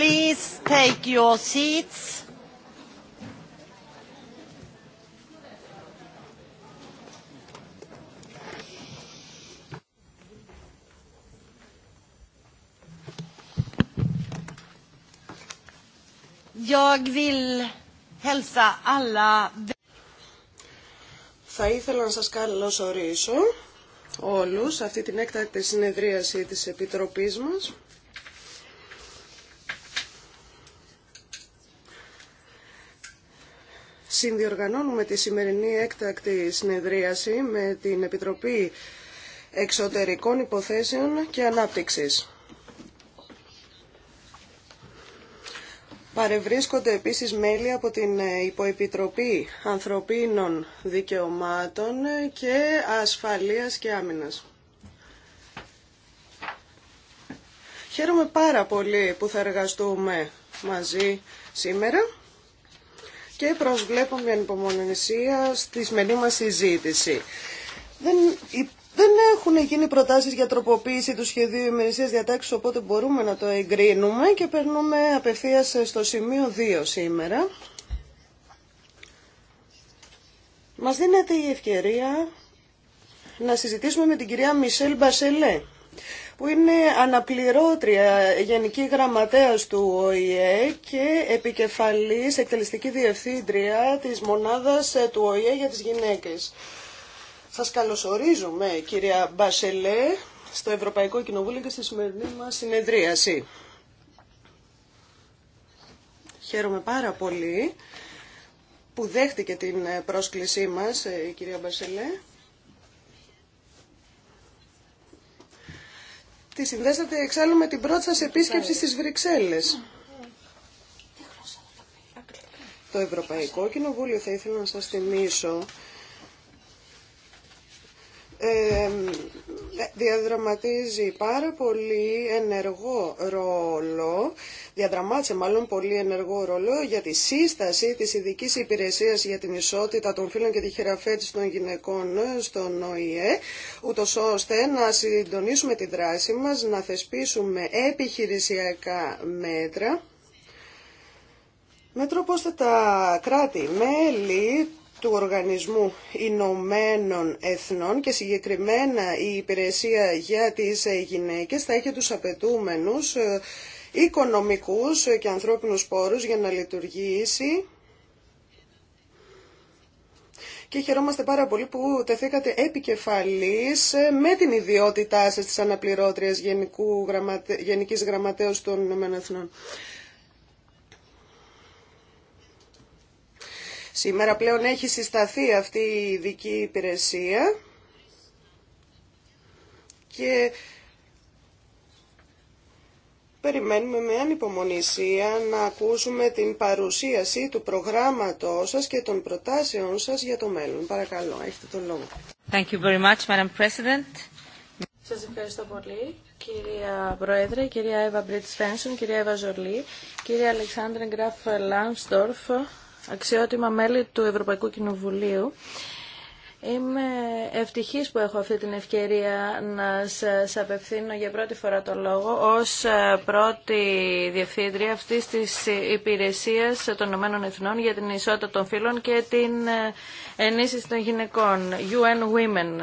Please take your seats. Θα ήθελα να σας καλωσορίσω όλους αυτή την έκτακτη συνεδρίαση της Επιτροπής μας. συνδιοργανώνουμε τη σημερινή έκτακτη συνεδρίαση με την Επιτροπή Εξωτερικών Υποθέσεων και Ανάπτυξης. Παρευρίσκονται επίσης μέλη από την Υποεπιτροπή Ανθρωπίνων Δικαιωμάτων και Ασφαλείας και Άμυνας. Χαίρομαι πάρα πολύ που θα εργαστούμε μαζί σήμερα και προσβλέπω με ανυπομονησία στη σημερινή μα συζήτηση. Δεν, δεν έχουν γίνει προτάσεις για τροποποίηση του σχεδίου ημερησία διατάξεως, οπότε μπορούμε να το εγκρίνουμε και περνούμε απευθείας στο σημείο 2 σήμερα. Μας δίνεται η ευκαιρία να συζητήσουμε με την κυρία Μισελ Μπασελέ που είναι αναπληρώτρια γενική γραμματέας του ΟΗΕ και επικεφαλής εκτελεστική διευθύντρια της μονάδας ε, του ΟΗΕ για τις γυναίκες. Σας καλωσορίζουμε κυρία Μπασελέ στο Ευρωπαϊκό Κοινοβούλιο και στη σημερινή μας συνεδρίαση. Χαίρομαι πάρα πολύ που δέχτηκε την πρόσκλησή μας ε, η κυρία Μπασελέ τη συνδέσατε εξάλλου με την πρώτη σας επίσκεψη στις Βρυξέλλες. Το Ευρωπαϊκό Κοινοβούλιο θα ήθελα να σας θυμίσω ε, διαδραματίζει πάρα πολύ ενεργό ρόλο, διαδραμάτισε μάλλον πολύ ενεργό ρόλο για τη σύσταση της ειδική υπηρεσίας για την ισότητα των φίλων και τη χειραφέτηση των γυναικών στον ΟΗΕ, ούτω ώστε να συντονίσουμε τη δράση μας, να θεσπίσουμε επιχειρησιακά μέτρα, με τρόπο ώστε τα κράτη-μέλη του Οργανισμού Ηνωμένων Εθνών και συγκεκριμένα η υπηρεσία για τις ε, γυναίκες θα έχει τους απαιτούμενους ε, οικονομικούς και ανθρώπινους πόρους για να λειτουργήσει. Και χαιρόμαστε πάρα πολύ που τεθήκατε επικεφαλής ε, με την ιδιότητά σας της αναπληρώτριας Γενικού Γενικής Γραμματέως των Ηνωμένων Εθνών. Σήμερα πλέον έχει συσταθεί αυτή η ειδική υπηρεσία και περιμένουμε με ανυπομονησία να ακούσουμε την παρουσίαση του προγράμματός σας και των προτάσεων σας για το μέλλον. Παρακαλώ, έχετε τον λόγο. Thank you very much, Madam President. Σας ευχαριστώ πολύ, κυρία Πρόεδρε, κυρία Εύα Μπριτ κυρία Εύα Ζολή, κυρία Αλεξάνδρε Γκράφ Λάνστορφ, αξιότιμα μέλη του Ευρωπαϊκού Κοινοβουλίου. Είμαι ευτυχής που έχω αυτή την ευκαιρία να σας απευθύνω για πρώτη φορά το λόγο ως ε, πρώτη διευθύντρια αυτής της υπηρεσίας των Ηνωμένων Εθνών για την ισότητα των φύλων και την ε, ενίσχυση των γυναικών, UN Women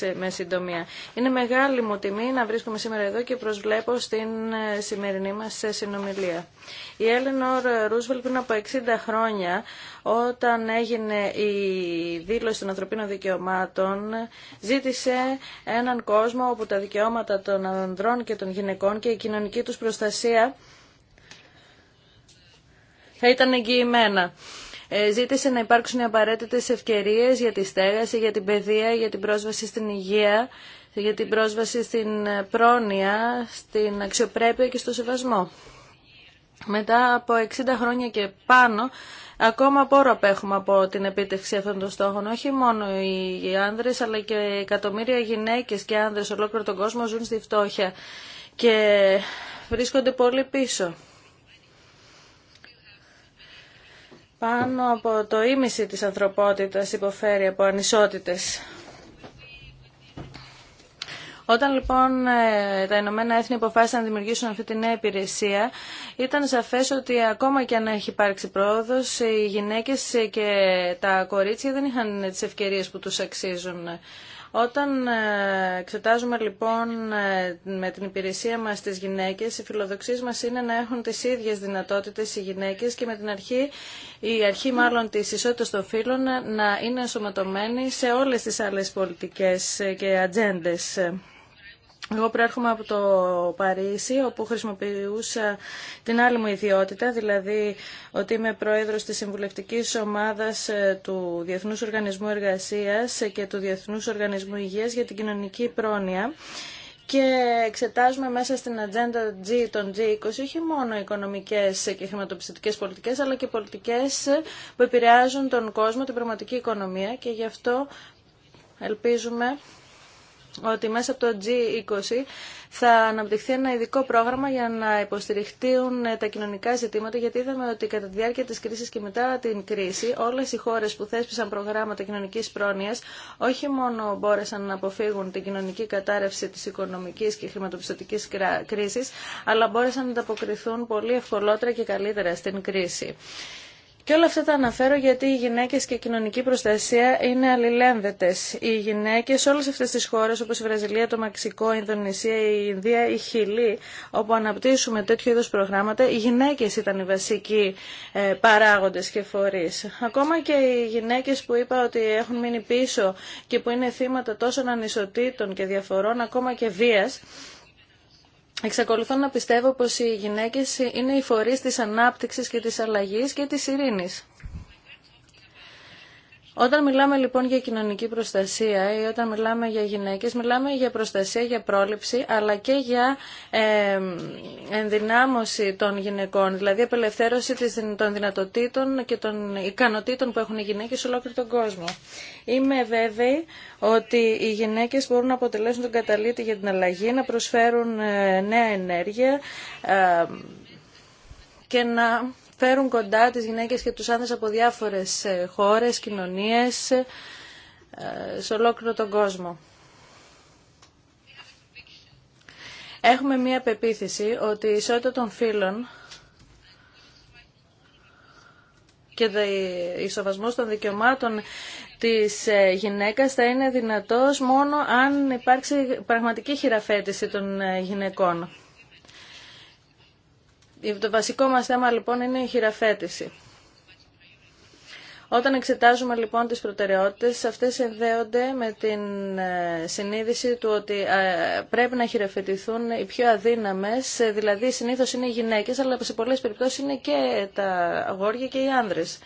ε, με συντομία. Είναι μεγάλη μου τιμή να βρίσκομαι σήμερα εδώ και προσβλέπω στην σημερινή μας συνομιλία. Η Έλενορ Ρούσβελ πριν από 60 χρόνια όταν έγινε η δήλωση των ανθρωπίνων δικαιωμάτων ζήτησε έναν κόσμο όπου τα δικαιώματα των ανδρών και των γυναικών και η κοινωνική τους προστασία θα ήταν εγγυημένα. Ε, ζήτησε να υπάρξουν οι απαραίτητες ευκαιρίες για τη στέγαση, για την παιδεία, για την πρόσβαση στην υγεία, για την πρόσβαση στην πρόνοια, στην αξιοπρέπεια και στο σεβασμό. Μετά από 60 χρόνια και πάνω Ακόμα πόρο απέχουμε από την επίτευξη αυτών των στόχων. Όχι μόνο οι άνδρες, αλλά και εκατομμύρια γυναίκες και άνδρες ολόκληρο τον κόσμο ζουν στη φτώχεια και βρίσκονται πολύ πίσω. Πάνω από το ίμιση της ανθρωπότητας υποφέρει από ανισότητες. Όταν λοιπόν ε, τα Ηνωμένα Έθνη αποφάσισαν να δημιουργήσουν αυτή τη νέα υπηρεσία, ήταν σαφέ ότι ακόμα και αν έχει υπάρξει πρόοδο, οι γυναίκε και τα κορίτσια δεν είχαν τι ευκαιρίε που του αξίζουν. Όταν ε, εξετάζουμε λοιπόν ε, με την υπηρεσία μας τις γυναίκες, οι φιλοδοξίες μας είναι να έχουν τις ίδιες δυνατότητες οι γυναίκες και με την αρχή, η αρχή μάλλον της ισότητας των φύλων να είναι ενσωματωμένη σε όλες τις άλλες πολιτικές και ατζέντες. Εγώ προέρχομαι από το Παρίσι, όπου χρησιμοποιούσα την άλλη μου ιδιότητα, δηλαδή ότι είμαι πρόεδρος της Συμβουλευτικής Ομάδας ε, του Διεθνούς Οργανισμού Εργασίας και του Διεθνούς Οργανισμού Υγείας για την Κοινωνική Πρόνοια και εξετάζουμε μέσα στην ατζέντα G των G20 όχι μόνο οικονομικές και χρηματοπιστωτικές πολιτικές αλλά και πολιτικές που επηρεάζουν τον κόσμο, την πραγματική οικονομία και γι' αυτό ελπίζουμε ότι μέσα από το G20 θα αναπτυχθεί ένα ειδικό πρόγραμμα για να υποστηριχτούν ε, τα κοινωνικά ζητήματα, γιατί είδαμε ότι κατά τη διάρκεια της κρίσης και μετά την κρίση όλες οι χώρες που θέσπισαν προγράμματα κοινωνικής πρόνοιας όχι μόνο μπόρεσαν να αποφύγουν την κοινωνική κατάρρευση της οικονομική και χρηματοπιστωτική κρίση, αλλά μπόρεσαν να ανταποκριθούν πολύ ευκολότερα και καλύτερα στην κρίση. Και όλα αυτά τα αναφέρω γιατί οι γυναίκε και η κοινωνική προστασία είναι αλληλένδετες. Οι γυναίκε, σε όλε αυτές τις χώρες όπως η Βραζιλία, το Μαξικό, η Ινδονησία, η Ινδία, η Χιλή, όπου αναπτύσσουμε τέτοιου είδους προγράμματα, οι γυναίκε ήταν οι βασικοί ε, παράγοντε και φορεί. Ακόμα και οι γυναίκε που είπα ότι έχουν μείνει πίσω και που είναι θύματα τόσων ανισοτήτων και διαφορών, ακόμα και βία. Εξακολουθώ να πιστεύω πως οι γυναίκες είναι οι φορείς της ανάπτυξης και της αλλαγής και της ειρήνης. Όταν μιλάμε λοιπόν για κοινωνική προστασία ή όταν μιλάμε για γυναίκες, μιλάμε για προστασία, για πρόληψη, αλλά και για ε, ενδυνάμωση των γυναικών, δηλαδή απελευθέρωση των δυνατοτήτων και των ικανοτήτων που έχουν οι γυναίκες σε ολόκληρο τον κόσμο. Είμαι βέβαιη ότι οι γυναίκες μπορούν να αποτελέσουν τον καταλήτη για την αλλαγή, να προσφέρουν ε, νέα ενέργεια ε, και να φέρουν κοντά τις γυναίκες και τους άνδρες από διάφορες ε, χώρες, κοινωνίες, ε, σε ολόκληρο τον κόσμο. Έχουμε μία πεποίθηση ότι η ισότητα των φύλων και η ισοβασμός των δικαιωμάτων της ε, γυναίκας θα είναι δυνατός μόνο αν υπάρξει πραγματική χειραφέτηση των γυναικών. Το βασικό μας θέμα λοιπόν είναι η χειραφέτηση. Όταν εξετάζουμε λοιπόν τις προτεραιότητες, αυτές ενδέονται με την ε, συνείδηση του ότι ε, πρέπει να χειραφετηθούν οι πιο αδύναμες, ε, δηλαδή συνήθως είναι οι γυναίκες, αλλά σε πολλές περιπτώσεις είναι και τα αγόρια και οι άνδρες.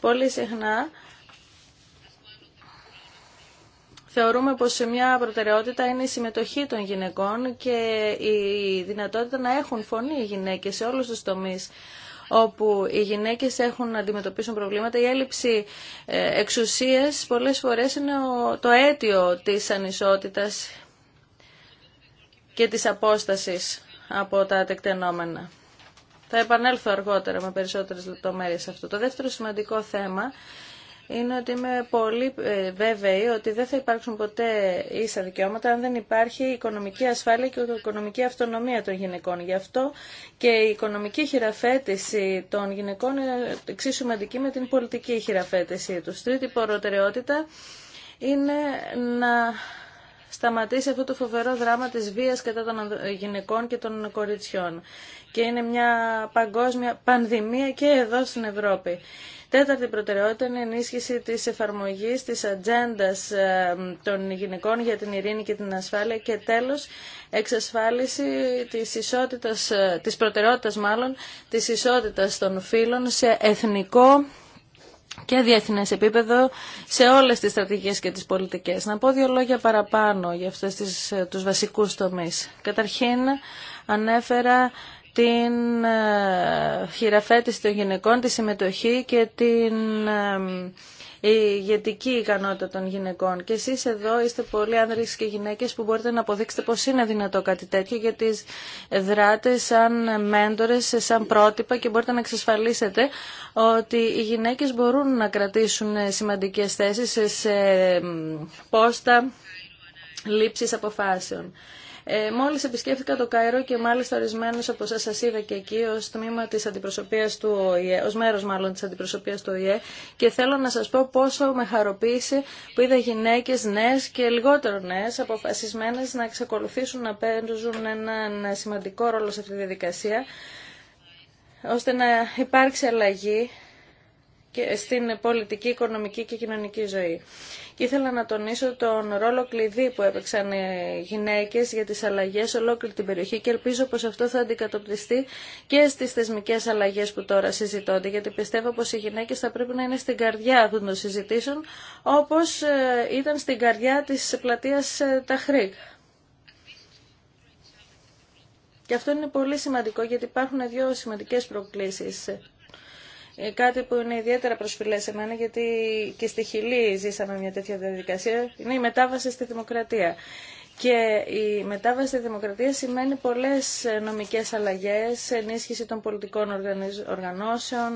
Πολύ συχνά θεωρούμε πως μια προτεραιότητα είναι η συμμετοχή των γυναικών και η δυνατότητα να έχουν φωνή οι γυναίκες σε όλους τους τομείς όπου οι γυναίκες έχουν να αντιμετωπίσουν προβλήματα. Η έλλειψη ε, εξουσίας πολλές φορές είναι το αίτιο της ανισότητας και της απόστασης από τα τεκτενόμενα. Θα επανέλθω αργότερα με περισσότερες λεπτομέρειες σε αυτό. Το δεύτερο σημαντικό θέμα είναι ότι είμαι πολύ ε, βέβαιη ότι δεν θα υπάρξουν ποτέ ίσα δικαιώματα αν δεν υπάρχει οικονομική ασφάλεια και οικονομική αυτονομία των γυναικών. Γι' αυτό και η οικονομική χειραφέτηση των γυναικών είναι εξίσου σημαντική με την πολιτική χειραφέτηση του. Τρίτη προτεραιότητα είναι να σταματήσει αυτό το φοβερό δράμα της βίας κατά των γυναικών και των κοριτσιών. Και είναι μια παγκόσμια πανδημία και εδώ στην Ευρώπη. Τέταρτη προτεραιότητα είναι η ενίσχυση της εφαρμογής της ατζέντα ε, των γυναικών για την ειρήνη και την ασφάλεια και τέλος εξασφάλιση της ισότητας, ε, της προτεραιότητας μάλλον, της ισότητας των φύλων σε εθνικό και διεθνές επίπεδο σε όλες τις στρατηγικές και τις πολιτικές. Να πω δύο λόγια παραπάνω για αυτές τις, ε, τους βασικούς Καταρχήν ανέφερα την ε, χειραφέτηση των γυναικών, τη συμμετοχή και την ε, ηγετική ικανότητα των γυναικών. Και εσείς εδώ είστε πολλοί άνδρες και γυναίκες που μπορείτε να αποδείξετε πως είναι δυνατό κάτι τέτοιο γιατί δράτε σαν μέντορες, σαν πρότυπα και μπορείτε να εξασφαλίσετε ότι οι γυναίκες μπορούν να κρατήσουν σημαντικές θέσεις σε πόστα λήψης αποφάσεων. Ε, μόλις επισκέφθηκα το Καϊρό και μάλιστα ορισμένου από εσάς σας είδα και εκεί ως τμήμα της αντιπροσωπείας του ΟΗΕ, ως μέρος μάλλον της αντιπροσωπείας του ΟΗΕ και θέλω να σας πω πόσο με χαροποίησε που είδα γυναίκες νέες και λιγότερο νέες αποφασισμένες να εξακολουθήσουν να παίρνουν έναν σημαντικό ρόλο σε αυτή τη διαδικασία ώστε να υπάρξει αλλαγή στην πολιτική, οικονομική και κοινωνική ζωή. Και ήθελα να τονίσω τον ρόλο κλειδί που έπαιξαν οι γυναίκες για τις αλλαγές σε ολόκληρη την περιοχή και ελπίζω πως αυτό θα αντικατοπτριστεί και στις θεσμικές αλλαγές που τώρα συζητώνται, γιατί πιστεύω πως οι γυναίκες θα πρέπει να είναι στην καρδιά αυτών των συζητήσεων, όπως ε, ήταν στην καρδιά της πλατείας ε, Ταχρή. Και αυτό είναι πολύ σημαντικό γιατί υπάρχουν δύο σημαντικές προκλήσεις. Ε, κάτι που είναι ιδιαίτερα προσφυλές σε μένα, γιατί και στη Χιλή ζήσαμε μια τέτοια διαδικασία, είναι η μετάβαση στη δημοκρατία. Και η μετάβαση στη δημοκρατία σημαίνει πολλές ε, νομικές αλλαγές, ενίσχυση των πολιτικών οργανώσεων,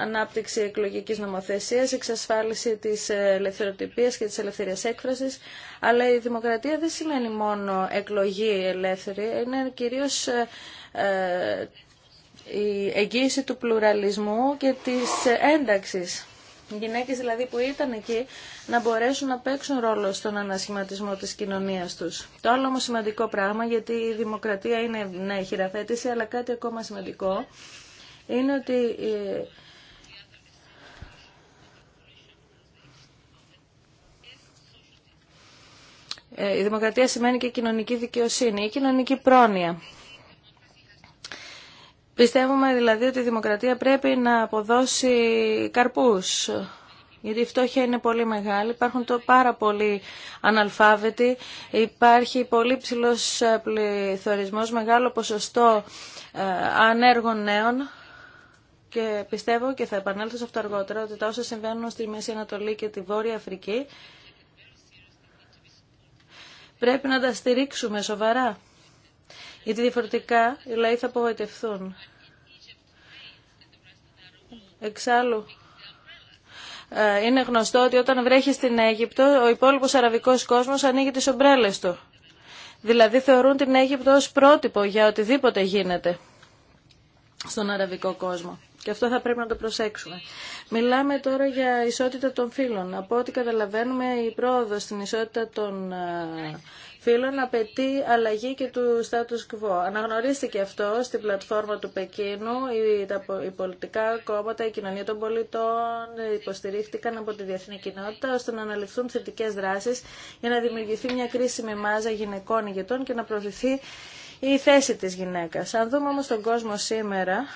ανάπτυξη εκλογικής νομοθεσίας, εξασφάλιση της ε, ελευθεροτυπίας και της ελευθερίας έκφρασης. Αλλά η δημοκρατία δεν σημαίνει μόνο εκλογή ελεύθερη, είναι κυρίως η εγγύηση του πλουραλισμού και της ένταξης. Οι γυναίκες δηλαδή που ήταν εκεί να μπορέσουν να παίξουν ρόλο στον ανασχηματισμό της κοινωνίας τους. Το άλλο όμως σημαντικό πράγμα, γιατί η δημοκρατία είναι ναι, χειραφέτηση, αλλά κάτι ακόμα σημαντικό, είναι ότι ε, ε, η δημοκρατία σημαίνει και κοινωνική δικαιοσύνη ή κοινωνική πρόνοια. Πιστεύουμε δηλαδή ότι η δημοκρατία πρέπει να αποδώσει καρπούς. Γιατί η φτώχεια είναι πολύ μεγάλη, υπάρχουν το πάρα πολύ αναλφάβητοι, υπάρχει πολύ ψηλός ε, πληθωρισμός, μεγάλο ποσοστό ε, ανέργων νέων και πιστεύω και θα επανέλθω σε αυτό αργότερα ότι τα όσα συμβαίνουν στη Μέση Ανατολή και τη Βόρεια Αφρική πρέπει να τα στηρίξουμε σοβαρά γιατί διαφορετικά οι λαοί θα απογοητευθούν. Εξάλλου, ε, είναι γνωστό ότι όταν βρέχει στην Αίγυπτο, ο υπόλοιπος αραβικός κόσμος ανοίγει τις ομπρέλες του. Δηλαδή θεωρούν την Αίγυπτο ως πρότυπο για οτιδήποτε γίνεται στον αραβικό κόσμο. Και αυτό θα πρέπει να το προσέξουμε. Μιλάμε τώρα για ισότητα των φύλων. Από ό,τι καταλαβαίνουμε, η πρόοδος στην ισότητα των ε, φίλων απαιτεί αλλαγή και του status quo. Αναγνωρίστηκε αυτό στην πλατφόρμα του Πεκίνου. Οι, τα, οι πολιτικά κόμματα, η κοινωνία των πολιτών υποστηρίχτηκαν από τη διεθνή κοινότητα ώστε να αναλυφθούν θετικέ δράσει για να δημιουργηθεί μια κρίσιμη μάζα γυναικών ηγετών και να προωθηθεί η θέση της γυναίκας. Αν δούμε όμως τον κόσμο σήμερα,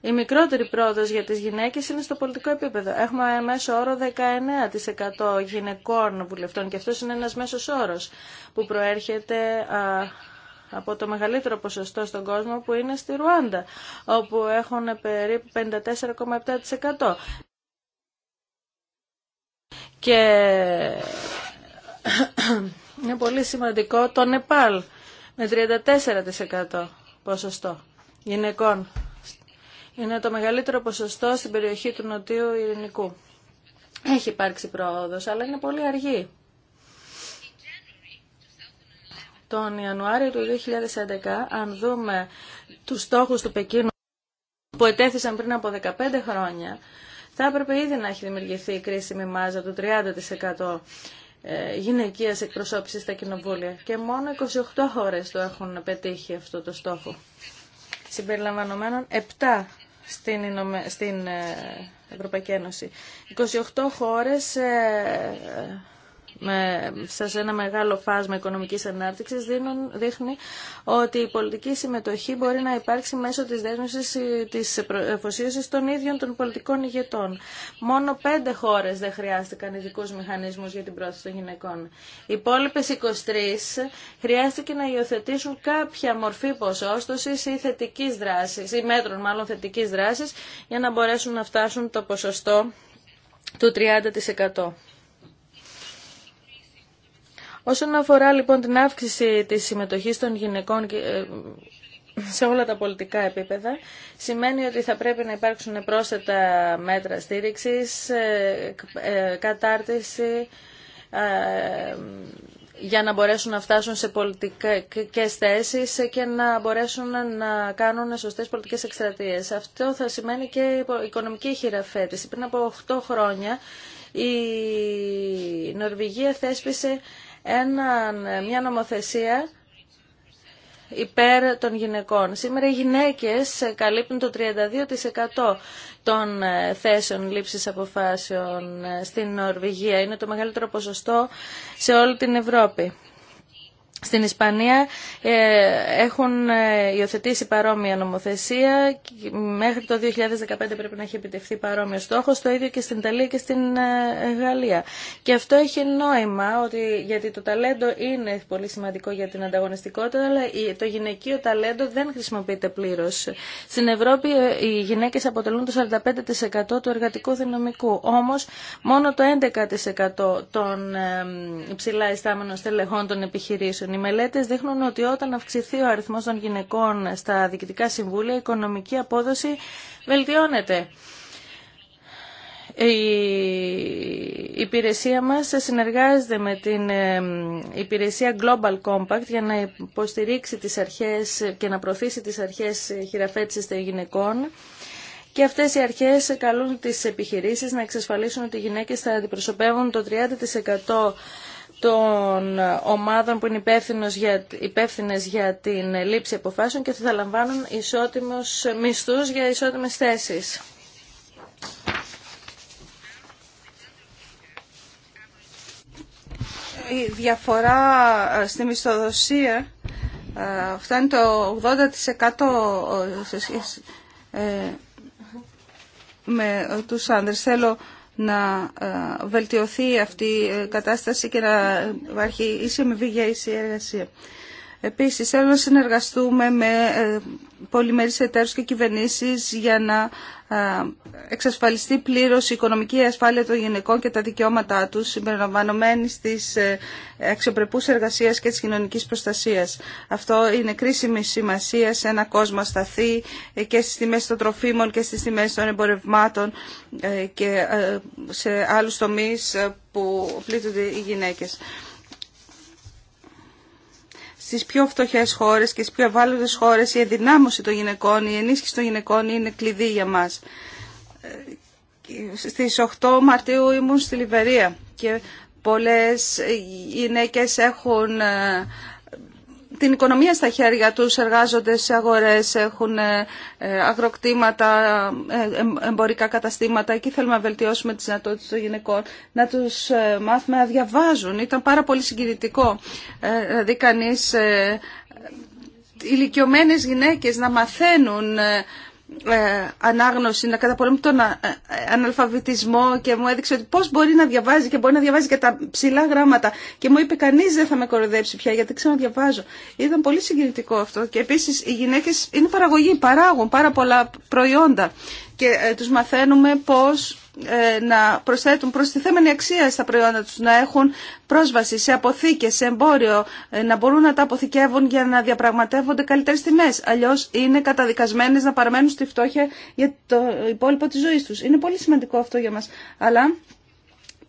η μικρότερη πρόοδος για τις γυναίκες είναι στο πολιτικό επίπεδο. Έχουμε μέσο όρο 19% γυναικών βουλευτών και αυτός είναι ένας μέσος όρος που προέρχεται από το μεγαλύτερο ποσοστό στον κόσμο που είναι στη Ρουάντα, όπου έχουν περίπου 54,7%. Και είναι πολύ σημαντικό το Νεπάλ με 34% ποσοστό γυναικών είναι το μεγαλύτερο ποσοστό στην περιοχή του Νοτίου Ειρηνικού. Έχει υπάρξει πρόοδος, αλλά είναι πολύ αργή. Τον Ιανουάριο του 2011, αν δούμε τους στόχους του Πεκίνου που ετέθησαν πριν από 15 χρόνια, θα έπρεπε ήδη να έχει δημιουργηθεί η κρίσιμη μάζα του 30% ε, γυναικείας εκπροσώπησης στα κοινοβούλια και μόνο 28 χώρες το έχουν πετύχει αυτό το στόχο συμπεριλαμβανομένων 7 στην, ε, Ευρωπαϊκή Ένωση. 28 χώρες ε, σε ένα μεγάλο φάσμα οικονομικής ανάπτυξης δίνουν, δείχνει ότι η πολιτική συμμετοχή μπορεί να υπάρξει μέσω της δέσμευσης της εφοσίωσης των ίδιων των πολιτικών ηγετών. Μόνο πέντε χώρες δεν χρειάστηκαν ειδικού μηχανισμούς για την πρόθεση των γυναικών. Οι υπόλοιπε 23 χρειάστηκε να υιοθετήσουν κάποια μορφή ποσόστοσης ή θετικής δράσης, ή μέτρων μάλλον θετικής δράσης, για να μπορέσουν να φτάσουν το ποσοστό του 30%. Όσον αφορά λοιπόν την αύξηση της συμμετοχής των γυναικών ε, σε όλα τα πολιτικά επίπεδα, σημαίνει ότι θα πρέπει να υπάρξουν πρόσθετα μέτρα στήριξης, ε, ε, κατάρτιση, για να μπορέσουν να φτάσουν σε πολιτικές θέσεις και να μπορέσουν να κάνουν σωστές πολιτικές εκστρατείες. Αυτό θα σημαίνει και οικονομική χειραφέτηση. Πριν από 8 χρόνια η Νορβηγία θέσπισε ένα, μια νομοθεσία υπέρ των γυναικών. Σήμερα οι γυναίκες καλύπτουν το 32% των ε, θέσεων λήψης αποφάσεων ε, στην Νορβηγία. Είναι το μεγαλύτερο ποσοστό σε όλη την Ευρώπη. Στην Ισπανία ε, έχουν ε, υιοθετήσει παρόμοια νομοθεσία. Μέχρι το 2015 πρέπει να έχει επιτευχθεί παρόμοιο στόχο. Το ίδιο και στην Ιταλία και στην ε, Γαλλία. Και αυτό έχει νόημα ότι, γιατί το ταλέντο είναι πολύ σημαντικό για την ανταγωνιστικότητα, αλλά το γυναικείο ταλέντο δεν χρησιμοποιείται πλήρω. Στην Ευρώπη οι γυναίκε αποτελούν το 45% του εργατικού δυναμικού. Όμω μόνο το 11% των υψηλά ειστάμενων στελεχών των επιχειρήσεων οι μελέτε δείχνουν ότι όταν αυξηθεί ο αριθμό των γυναικών στα διοικητικά συμβούλια, η οικονομική απόδοση βελτιώνεται. Η υπηρεσία μας συνεργάζεται με την ε, υπηρεσία Global Compact για να υποστηρίξει τις αρχές και να προωθήσει τις αρχές χειραφέτησης των γυναικών. Και αυτές οι αρχές καλούν τις επιχειρήσεις να εξασφαλίσουν ότι οι γυναίκες θα αντιπροσωπεύουν το 30% των ομάδων που είναι για, υπεύθυνες για την λήψη αποφάσεων και θα λαμβάνουν ισότιμους μισθούς για ισότιμες θέσεις. Η διαφορά ε, στη μισθοδοσία ε, φτάνει το 80% ε, με τους άνδρες. Θέλω να ε, βελτιωθεί αυτή η κατάσταση και να υπάρχει ίση αμοιβή για ίση εργασία. Επίσης, θέλω να συνεργαστούμε με ε, πολυμερεί εταίρους και κυβερνήσει για να ε, εξασφαλιστεί πλήρω η οικονομική ασφάλεια των γυναικών και τα δικαιώματά τους, συμπεριλαμβανομένης της ε, αξιοπρεπού εργασία και τη κοινωνική προστασία. Αυτό είναι κρίσιμη σημασία σε ένα κόσμο σταθή και στι τιμές των τροφίμων και στι τιμέ των εμπορευμάτων και σε άλλους τομείς που πλήττονται οι γυναίκε. Στι πιο φτωχέ χώρες και στι πιο ευάλωτε χώρες η ενδυνάμωση των γυναικών, η ενίσχυση των γυναικών είναι κλειδί για μα. Ε, στις 8 Μαρτίου ήμουν στη Λιβερία και πολλέ γυναίκε έχουν ε, την οικονομία στα χέρια τους, εργάζονται σε αγορές, έχουν ε, ε, αγροκτήματα, ε, εμπορικά καταστήματα. Εκεί θέλουμε να βελτιώσουμε τις δυνατότητες των γυναικών, να τους μάθουμε να διαβάζουν. Ήταν πάρα πολύ συγκινητικό. Δηλαδή κανείς ηλικιωμένες γυναίκες να μαθαίνουν ε, ανάγνωση, να καταπολέμει τον ε, αναλφαβητισμό και μου έδειξε ότι πώς μπορεί να διαβάζει και μπορεί να διαβάζει και τα ψηλά γράμματα και μου είπε κανείς δεν θα με κοροδέψει πια γιατί ξαναδιαβάζω. Ήταν πολύ συγκινητικό αυτό και επίσης οι γυναίκες είναι παραγωγή, παράγουν πάρα πολλά προϊόντα και ε, τους μαθαίνουμε πώς ε, να προσθέτουν προστιθέμενη αξία στα προϊόντα τους, να έχουν πρόσβαση σε αποθήκες, σε εμπόριο, ε, να μπορούν να τα αποθηκεύουν για να διαπραγματεύονται καλύτερες τιμές. Αλλιώς είναι καταδικασμένες να παραμένουν στη φτώχεια για το υπόλοιπο της ζωής τους. Είναι πολύ σημαντικό αυτό για μας. Αλλά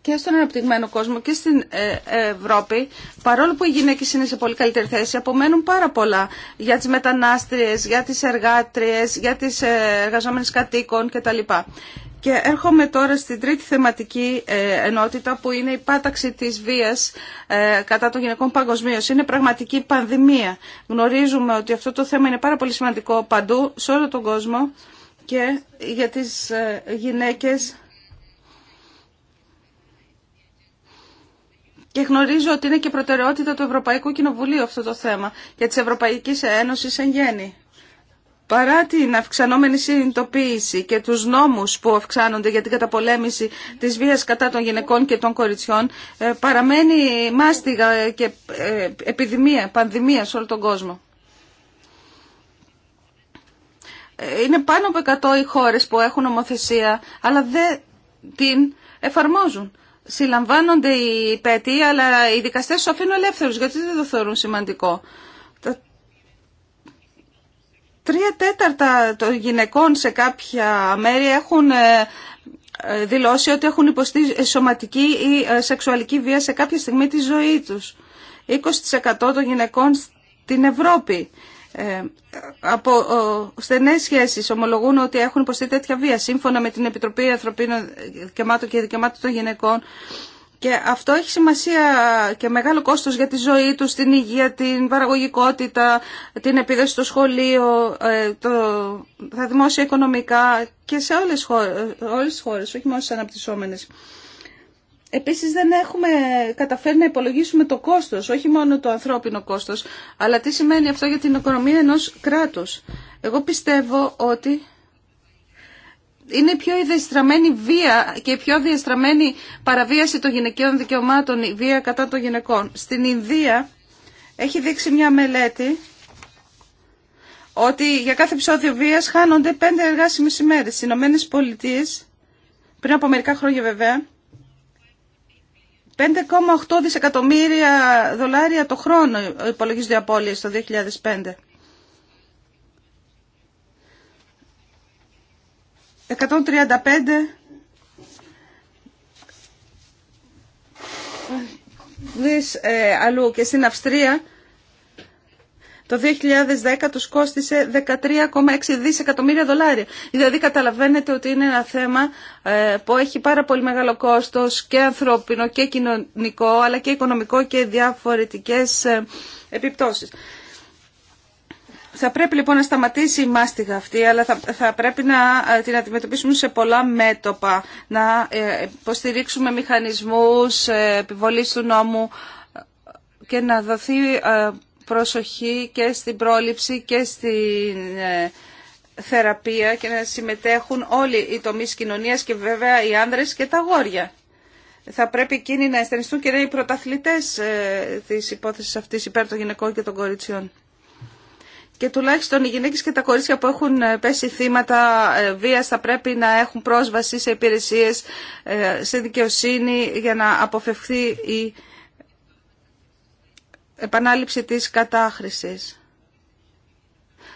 και στον αναπτυγμένο κόσμο και στην ε, Ευρώπη, παρόλο που οι γυναίκε είναι σε πολύ καλύτερη θέση, απομένουν πάρα πολλά για τι μετανάστριε, για τι εργάτριε, για τι ε, εργαζόμενε κατοίκων κτλ. Και έρχομαι τώρα στην τρίτη θεματική ε, ενότητα που είναι η πάταξη της βίας κατά των γυναικών παγκοσμίως. Είναι πραγματική πανδημία. Γνωρίζουμε ότι αυτό το θέμα είναι πάρα πολύ σημαντικό παντού, σε όλο τον κόσμο και για τις γυναίκες Και γνωρίζω ότι είναι και προτεραιότητα του Ευρωπαϊκού Κοινοβουλίου αυτό το θέμα και τη Ευρωπαϊκή Ένωση εν γέννη. Παρά την αυξανόμενη συνειδητοποίηση και τους νόμους που αυξάνονται για την καταπολέμηση της βίας κατά των γυναικών και των κοριτσιών, ε, παραμένει μάστιγα και ε, επιδημία, πανδημία σε όλο τον κόσμο. Ε, είναι πάνω από 100 οι χώρες που έχουν νομοθεσία, αλλά δεν την εφαρμόζουν συλλαμβάνονται οι πέτοι, αλλά οι δικαστές του αφήνουν ελεύθερου γιατί δεν το θεωρούν σημαντικό. τρία τέταρτα των γυναικών σε κάποια μέρη έχουν ε, δηλώσει ότι έχουν υποστεί σωματική ή ε, σεξουαλική βία σε κάποια στιγμή τη ζωής του. 20% των γυναικών στην Ευρώπη ε, από στενές σχέσεις ομολογούν ότι έχουν υποστεί τέτοια βία σύμφωνα με την Επιτροπή Ανθρωπίνων Δικαιωμάτων και Δικαιωμάτων των Γυναικών και αυτό έχει σημασία και μεγάλο κόστος για τη ζωή τους, την υγεία, την παραγωγικότητα, την επίδοση στο σχολείο, ε, το, τα δημόσια οικονομικά και σε όλες, χώρες, όλες τις χώρες, όχι μόνο στις αναπτυσσόμενες. Επίσης δεν έχουμε καταφέρει να υπολογίσουμε το κόστος, όχι μόνο το ανθρώπινο κόστος, αλλά τι σημαίνει αυτό για την οικονομία ενός κράτους. Εγώ πιστεύω ότι είναι η πιο διαστραμμένη βία και η πιο διαστραμμένη παραβίαση των γυναικείων δικαιωμάτων, η βία κατά των γυναικών. Στην Ινδία έχει δείξει μια μελέτη ότι για κάθε επεισόδιο βίας χάνονται πέντε εργάσιμες ημέρες. Στις Ηνωμένες Πολιτείες, πριν από μερικά χρόνια βέβαια, 5,8 δισεκατομμύρια δολάρια το χρόνο υπολογίζονται απώλειες το 2005. 135 δις ε, αλλού και στην Αυστρία το 2010 τους κόστισε 13,6 δισεκατομμύρια δολάρια. Δηλαδή καταλαβαίνετε ότι είναι ένα θέμα ε, που έχει πάρα πολύ μεγάλο κόστος και ανθρώπινο και κοινωνικό αλλά και οικονομικό και διαφορετικές ε, επιπτώσεις. Θα πρέπει λοιπόν να σταματήσει η μάστιγα αυτή, αλλά θα, θα πρέπει να ε, την αντιμετωπίσουμε σε πολλά μέτωπα, να υποστηρίξουμε μηχανισμούς ε, επιβολής του νόμου και να δοθεί προσοχή και στην πρόληψη και στην ε, θεραπεία και να συμμετέχουν όλοι οι τομείς κοινωνίας και βέβαια οι άνδρες και τα γόρια. Θα πρέπει εκείνοι να αισθανιστούν και να είναι οι πρωταθλητές ε, της υπόθεσης αυτής υπέρ των γυναικών και των κοριτσιών. Και τουλάχιστον οι γυναίκες και τα κορίτσια που έχουν ε, πέσει θύματα βίας θα πρέπει να έχουν πρόσβαση σε υπηρεσίες, σε δικαιοσύνη για να αποφευχθεί η επανάληψη της κατάχρησης.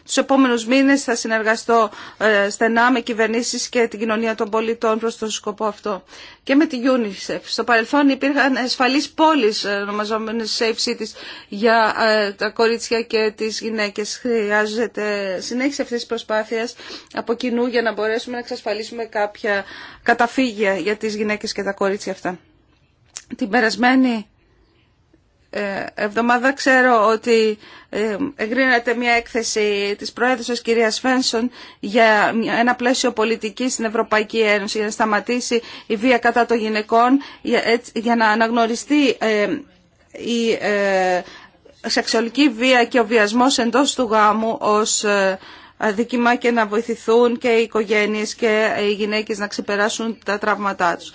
Τους επόμενους μήνες θα συνεργαστώ ε, στενά με κυβερνήσεις και την κοινωνία των πολιτών προς τον σκοπό αυτό. Και με τη UNICEF. Στο παρελθόν υπήρχαν ασφαλείς πόλεις ε, ονομαζόμενες safe cities για ε, τα κορίτσια και τις γυναίκες. Χρειάζεται συνέχιση αυτής της προσπάθειας από κοινού για να μπορέσουμε να εξασφαλίσουμε κάποια καταφύγια για τις γυναίκες και τα κορίτσια αυτά. Την περασμένη εβδομάδα ξέρω ότι ε, εγκρίνεται μια έκθεση της Προέδρου κυρίας Φένσον για ένα πλαίσιο πολιτικής στην Ευρωπαϊκή Ένωση για να σταματήσει η βία κατά των γυναικών για να αναγνωριστεί ε, η ε, σεξουαλική βία και ο βιασμός εντός του γάμου ως αδίκημα και να βοηθηθούν και οι οικογένειες και οι γυναίκες να ξεπεράσουν τα τραύματά τους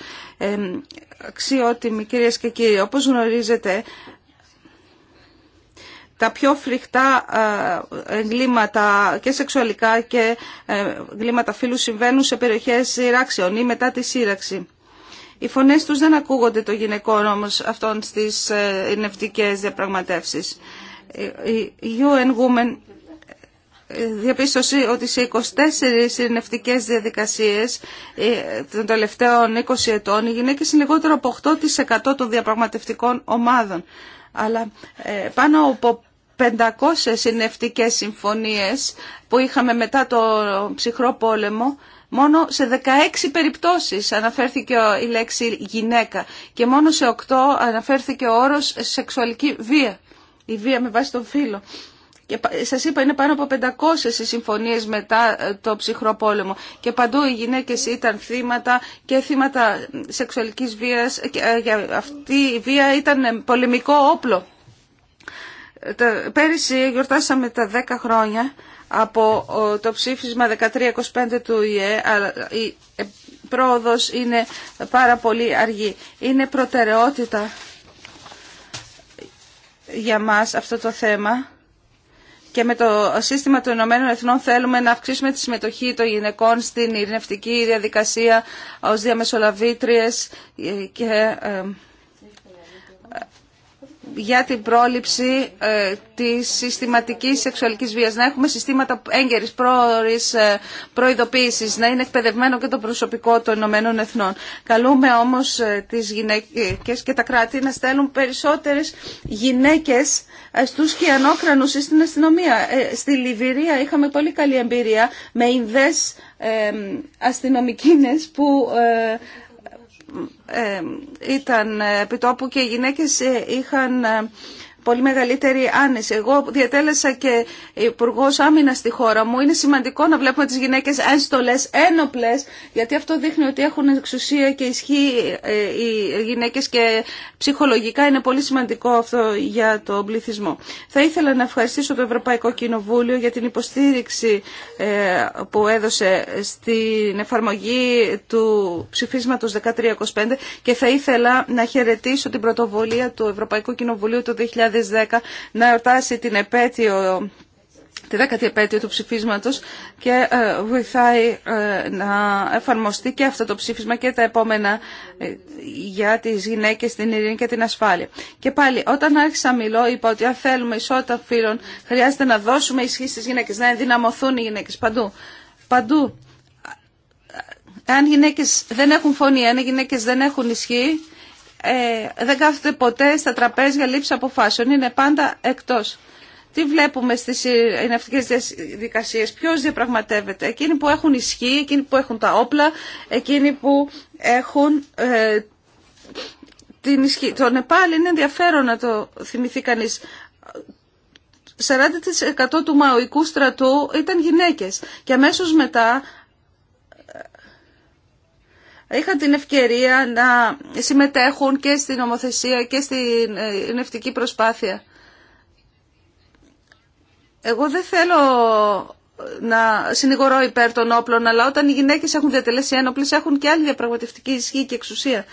αξιότιμοι κυρίες και κύριοι, όπως γνωρίζετε τα πιο φρικτά ε, εγκλήματα και σεξουαλικά και ε, εγκλήματα φύλου συμβαίνουν σε περιοχές σειράξεων ή μετά τη σύραξη. Οι φωνές τους δεν ακούγονται το γυναικό όμως αυτών στις ε, νευτικές διαπραγματεύσεις. Η UN Women διαπίστωσε ότι σε 24 ειρηνευτικές διαδικασίες των τελευταίων 20 ετών οι γυναίκες είναι λιγότερο από 8% των διαπραγματευτικών ομάδων. Αλλά πάνω από 500 συνευτικές συμφωνίες που είχαμε μετά το ψυχρό πόλεμο, μόνο σε 16 περιπτώσεις αναφέρθηκε η λέξη γυναίκα και μόνο σε 8 αναφέρθηκε ο όρος σεξουαλική βία, η βία με βάση τον φίλο. Και σας είπα είναι πάνω από 500 οι συμφωνίες μετά ε, το ψυχρό πόλεμο και παντού οι γυναίκες ήταν θύματα και θύματα σεξουαλικής βίας και ε, αυτή η βία ήταν ε, πολεμικό όπλο. Πέρυσι γιορτάσαμε τα 10 χρόνια από το ψήφισμα 1325 του ΙΕ, αλλά η ε, πρόοδος είναι πάρα πολύ αργή. Είναι προτεραιότητα για μας αυτό το θέμα και με το σύστημα των Ηνωμένων Εθνών θέλουμε να αυξήσουμε τη συμμετοχή των γυναικών στην ειρηνευτική διαδικασία ως διαμεσολαβήτριες ε, και ε, για την πρόληψη ε, της συστηματικής σεξουαλικής βίας. Να έχουμε συστήματα έγκαιρης πρόορης ε, προειδοποίησης, να είναι εκπαιδευμένο και το προσωπικό των Ηνωμένων Εθνών. Καλούμε όμως ε, τις γυναίκες και τα κράτη να στέλνουν περισσότερες γυναίκες στους κιανόκρανους ή στην αστυνομία. Στη Λιβυρία είχαμε πολύ καλή εμπειρία με Ινδές αστυνομικίνες που ε, ήταν επιτόπου και οι γυναίκες ε, είχαν ε, πολύ μεγαλύτερη άνεση. Εγώ διατέλεσα και υπουργό άμυνα στη χώρα μου. Είναι σημαντικό να βλέπουμε τι γυναίκε ένστολε, ένοπλε, γιατί αυτό δείχνει ότι έχουν εξουσία και ισχύ ε, οι γυναίκε και ψυχολογικά είναι πολύ σημαντικό αυτό για τον πληθυσμό. Θα ήθελα να ευχαριστήσω το Ευρωπαϊκό Κοινοβούλιο για την υποστήριξη ε, που έδωσε στην εφαρμογή του ψηφίσματο 1325 και θα ήθελα να χαιρετήσω την πρωτοβουλία του Ευρωπαϊκού Κοινοβουλίου το να εορτάσει την επέτειο τη δέκατη επέτειο του ψηφίσματος και ε, βοηθάει ε, να εφαρμοστεί και αυτό το ψήφισμα και τα επόμενα ε, για τις γυναίκες, την ειρήνη και την ασφάλεια. Και πάλι, όταν άρχισα να μιλώ, είπα ότι αν θέλουμε ισότητα φύλων, χρειάζεται να δώσουμε ισχύ στις γυναίκες, να ενδυναμωθούν οι γυναίκες παντού. Παντού. Αν γυναίκες δεν έχουν φωνή, αν οι γυναίκες δεν έχουν ισχύ, ε, δεν κάθονται ποτέ στα τραπέζια λήψη αποφάσεων. Είναι πάντα εκτός. Τι βλέπουμε στις ειρηνευτικές διαδικασίε. Ποιο διαπραγματεύεται, εκείνοι που έχουν ισχύ, εκείνοι που έχουν τα όπλα, εκείνοι που έχουν ε, την ισχύ. Το Νεπάλ είναι ενδιαφέρον να το θυμηθεί κανείς. 40% του μαοϊκού στρατού ήταν γυναίκες και αμέσως μετά είχαν την ευκαιρία να συμμετέχουν και στην νομοθεσία και στην ε, νευτική προσπάθεια. Εγώ δεν θέλω να συνηγορώ υπέρ των όπλων, αλλά όταν οι γυναίκες έχουν διατελέσει ένοπλες έχουν και άλλη διαπραγματευτική ισχύ και εξουσία.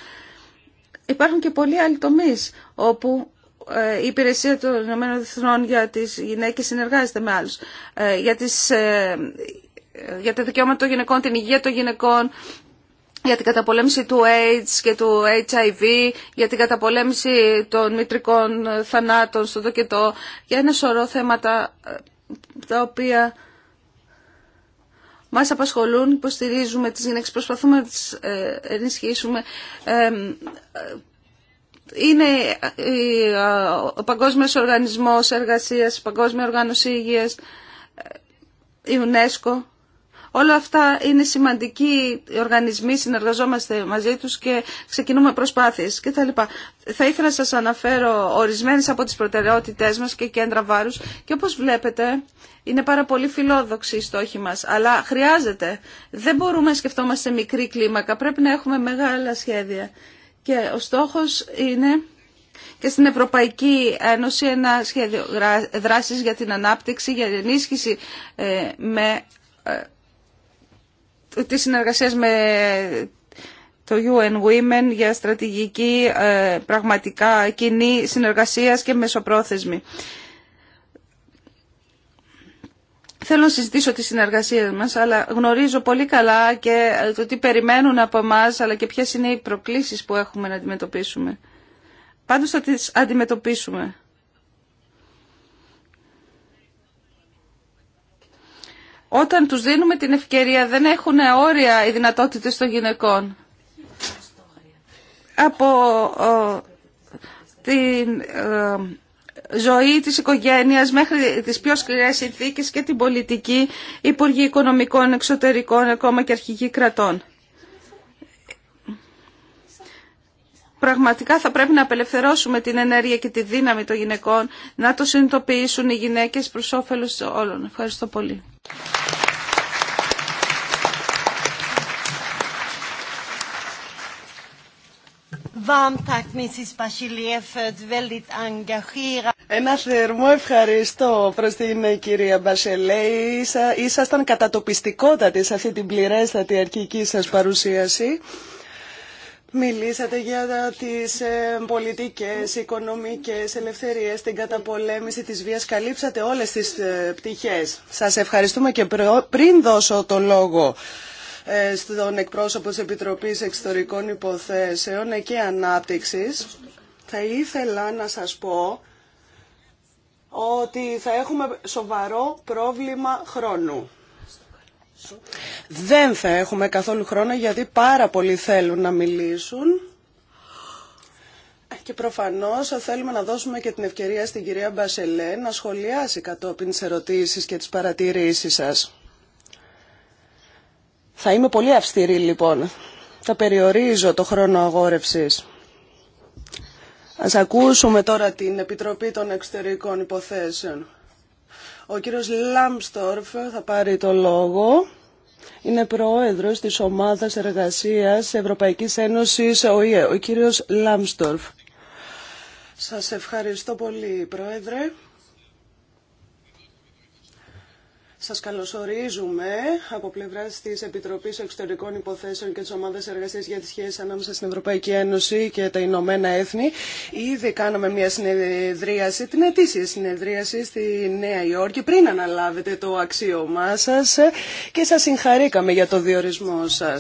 Υπάρχουν και πολλοί άλλοι τομεί όπου ε, η υπηρεσία των ΗΠΑ για τις γυναίκες συνεργάζεται με άλλους. Ε, για τις για τα δικαιώματα των γυναικών, την υγεία των γυναικών, για την καταπολέμηση του AIDS και του HIV, για την καταπολέμηση των μητρικών θανάτων στο δοκετό, για ένα σωρό θέματα ε, τα οποία μας απασχολούν, υποστηρίζουμε τις γυναίκες, προσπαθούμε να τις ε, ενισχύσουμε. Ε, είναι ο Παγκόσμιος Οργανισμός Εργασίας, η Παγκόσμια Οργάνωση Υγείας, η UNESCO Όλα αυτά είναι σημαντικοί οργανισμοί, συνεργαζόμαστε μαζί τους και ξεκινούμε προσπάθειες κτλ. Θα ήθελα να σας αναφέρω ορισμένες από τις προτεραιότητές μας και κέντρα βάρους και όπως βλέπετε είναι πάρα πολύ φιλόδοξη η στόχη μας, αλλά χρειάζεται. Δεν μπορούμε να σκεφτόμαστε μικρή κλίμακα, πρέπει να έχουμε μεγάλα σχέδια. Και ο στόχος είναι και στην Ευρωπαϊκή Ένωση ένα σχέδιο δράσης για την ανάπτυξη, για την ενίσχυση ε, με ε, Τη συνεργασίες με το UN Women για στρατηγική ε, πραγματικά κοινή συνεργασία και μεσοπρόθεσμη. Θέλω να συζητήσω τη συνεργασία μας, αλλά γνωρίζω πολύ καλά και ε, το τι περιμένουν από εμά, αλλά και ποιες είναι οι προκλήσεις που έχουμε να αντιμετωπίσουμε. Πάντως θα τις αντιμετωπίσουμε. όταν τους δίνουμε την ευκαιρία δεν έχουν όρια οι δυνατότητες των γυναικών. Από τη την ε, ζωή της οικογένειας μέχρι τις πιο σκληρές συνθήκε και την πολιτική Υπουργή Οικονομικών, Εξωτερικών, ακόμα και Αρχηγή Κρατών. Πραγματικά θα πρέπει να απελευθερώσουμε την ενέργεια και τη δύναμη των γυναικών, να το συνειδητοποιήσουν οι γυναίκες προς όφελος όλων. Ευχαριστώ πολύ. Ένα θερμό ευχαριστώ προς την κυρία Μπασελέ. Ήσασταν κατατοπιστικότατοι σε αυτή την πληρέστατη αρχική σας παρουσίαση. Μιλήσατε για τις ε, πολιτικές, οικονομικές ελευθερίες, την καταπολέμηση της βίας. Καλύψατε όλες τις ε, πτυχές. Σας ευχαριστούμε και πριν δώσω το λόγο ε, στον εκπρόσωπο της Επιτροπής Εξωτερικών Υποθέσεων και Ανάπτυξης, θα ήθελα να σας πω ότι θα έχουμε σοβαρό πρόβλημα χρόνου. Δεν θα έχουμε καθόλου χρόνο γιατί πάρα πολλοί θέλουν να μιλήσουν. Και προφανώς θέλουμε να δώσουμε και την ευκαιρία στην κυρία Μπασελέ να σχολιάσει κατόπιν τις ερωτήσεις και τις παρατηρήσεις σας. Θα είμαι πολύ αυστηρή λοιπόν. Θα περιορίζω το χρόνο αγόρευσης. Ας ακούσουμε τώρα την Επιτροπή των Εξωτερικών Υποθέσεων. Ο κύριος Λάμπστορφ θα πάρει το λόγο. Είναι πρόεδρος της Ομάδας Εργασίας Ευρωπαϊκής Ένωσης ΟΗΕ, ο κύριος Λάμπστορφ. Σας ευχαριστώ πολύ, Πρόεδρε. Σας καλωσορίζουμε από πλευρά τη Επιτροπή Εξωτερικών Υποθέσεων και τη Ομάδα Εργασία για τις Σχέσει ανάμεσα στην Ευρωπαϊκή Ένωση και τα Ηνωμένα Έθνη. Ήδη κάναμε μια συνεδρίαση, την ετήσια συνεδρίαση στη Νέα Υόρκη, πριν αναλάβετε το αξίωμά σα ε, και σα συγχαρήκαμε για το διορισμό σα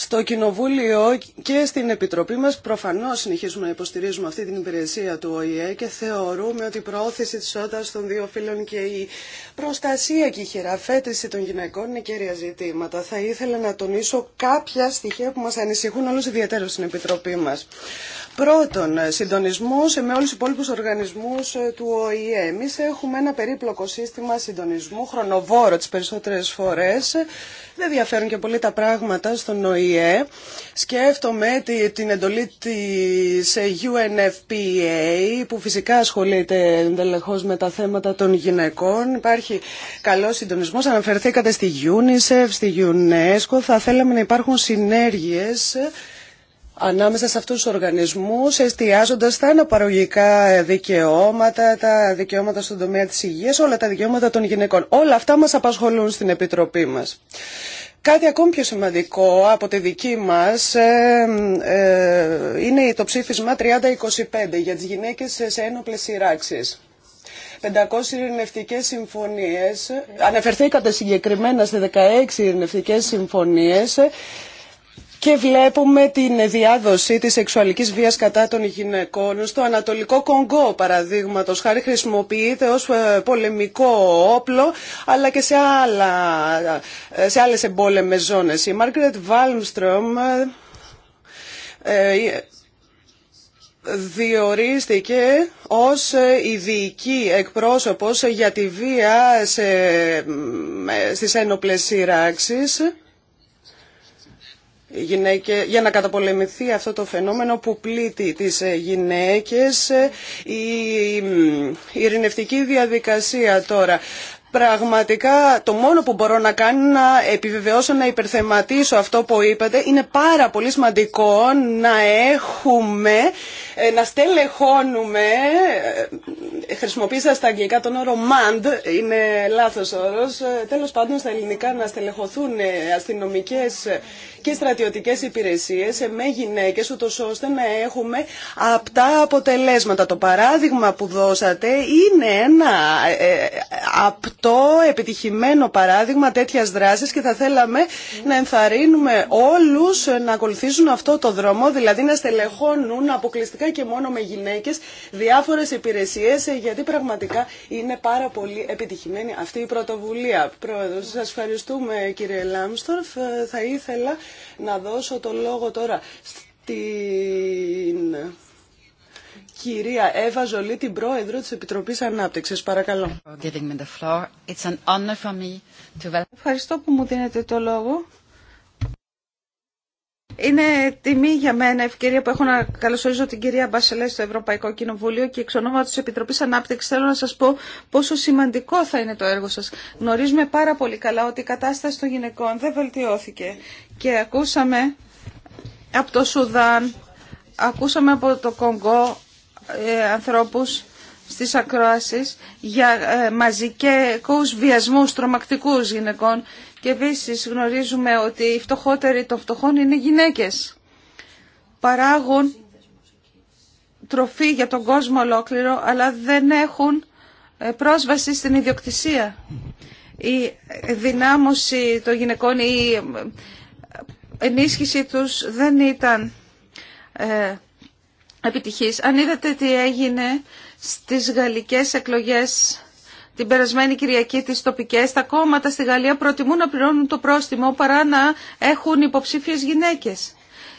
στο Κοινοβούλιο και στην Επιτροπή μας προφανώς συνεχίζουμε να υποστηρίζουμε αυτή την υπηρεσία του ΟΗΕ και θεωρούμε ότι η προώθηση της όταν των δύο φίλων και η προστασία και η χειραφέτηση των γυναικών είναι κέρια ζητήματα. Θα ήθελα να τονίσω κάποια στοιχεία που μας ανησυχούν όλους ιδιαίτερα στην Επιτροπή μας. Πρώτον, ε, συντονισμό ε, με όλου του υπόλοιπου οργανισμού ε, του ΟΗΕ. Εμεί έχουμε ένα περίπλοκο σύστημα συντονισμού, χρονοβόρο τι περισσότερε φορέ. Δεν διαφέρουν και πολύ τα πράγματα στον ΟΗΕ. Σκέφτομαι την εντολή τη UNFPA, που φυσικά ασχολείται εντελεχώ με τα θέματα των γυναικών. Υπάρχει καλό συντονισμό. Αναφερθήκατε στη UNICEF, στη UNESCO. Θα θέλαμε να υπάρχουν συνέργειε ανάμεσα σε αυτούς τους οργανισμούς εστιάζοντας τα αναπαραγωγικά δικαιώματα, τα δικαιώματα στον τομέα της υγείας, όλα τα δικαιώματα των γυναικών. Όλα αυτά μας απασχολούν στην Επιτροπή μας. Κάτι ακόμη πιο σημαντικό από τη δική μας ε, ε είναι το ψήφισμα 3025 για τις γυναίκες σε ένοπλες σειράξεις. 500 ειρηνευτικές συμφωνίες, αναφερθήκατε συγκεκριμένα σε 16 ειρηνευτικές συμφωνίες, και βλέπουμε την διάδοση της σεξουαλικής βίας κατά των γυναικών στο Ανατολικό Κονγκό παραδείγματος χάρη χρησιμοποιείται ως ε, πολεμικό όπλο αλλά και σε, άλλα, ε, σε άλλες εμπόλεμες ζώνες. Η Μάργκρετ Βάλμστρομ ε, διορίστηκε ως ειδική εκπρόσωπος για τη βία σε, στις ένοπλες σειράξεις για να καταπολεμηθεί αυτό το φαινόμενο που πλήττει τις ε, γυναίκες. Ε, η ειρηνευτική διαδικασία τώρα Πραγματικά το μόνο που μπορώ να κάνω να επιβεβαιώσω, να υπερθεματίσω αυτό που είπατε είναι πάρα πολύ σημαντικό να έχουμε ε, να στελεχώνουμε, ε, χρησιμοποίησα στα αγγλικά τον όρο MAND, είναι λάθος όρος, ε, τέλος πάντων στα ελληνικά να στελεχωθούν αστυνομικές και στρατιωτικές υπηρεσίες με γυναίκες, ούτως ώστε να έχουμε απτά αποτελέσματα. Το παράδειγμα που δώσατε είναι ένα απτό, επιτυχημένο παράδειγμα τέτοιας δράσης και θα θέλαμε να ενθαρρύνουμε όλους να ακολουθήσουν αυτό το δρόμο, δηλαδή να στελεχώνουν αποκλειστικά και μόνο με γυναίκες διάφορες υπηρεσίε, ε, γιατί πραγματικά είναι πάρα πολύ επιτυχημένη αυτή η πρωτοβουλία. Σα σας ευχαριστούμε κύριε Λάμστορφ. Ε, θα ήθελα να δώσω το λόγο τώρα στην κυρία Εύα Ζολή, την πρόεδρο της Επιτροπής Ανάπτυξης. Παρακαλώ. Ευχαριστώ που μου δίνετε το λόγο. Είναι τιμή για μένα, ευκαιρία που έχω να καλωσορίζω την κυρία Μπασελέ στο Ευρωπαϊκό Κοινοβούλιο και εξ ονόματο τη Επιτροπή Ανάπτυξη θέλω να σα πω πόσο σημαντικό θα είναι το έργο σα. Γνωρίζουμε πάρα πολύ καλά ότι η κατάσταση των γυναικών δεν βελτιώθηκε και ακούσαμε από το Σουδάν, ακούσαμε από το Κονγκό ε, ανθρώπους στις ακροάσεις για ε, μαζικές βιασμούς τρομακτικούς γυναικών και επίση γνωρίζουμε ότι οι φτωχότεροι των φτωχών είναι γυναίκες. Παράγουν τροφή για τον κόσμο ολόκληρο, αλλά δεν έχουν ε, πρόσβαση στην ιδιοκτησία. Η δυνάμωση των γυναικών, η ε, ενίσχυση τους δεν ήταν ε, επιτυχής. Αν είδατε τι έγινε στις γαλλικές εκλογές την περασμένη Κυριακή τις τοπικές, τα κόμματα στη Γαλλία προτιμούν να πληρώνουν το πρόστιμο παρά να έχουν υποψήφιες γυναίκες.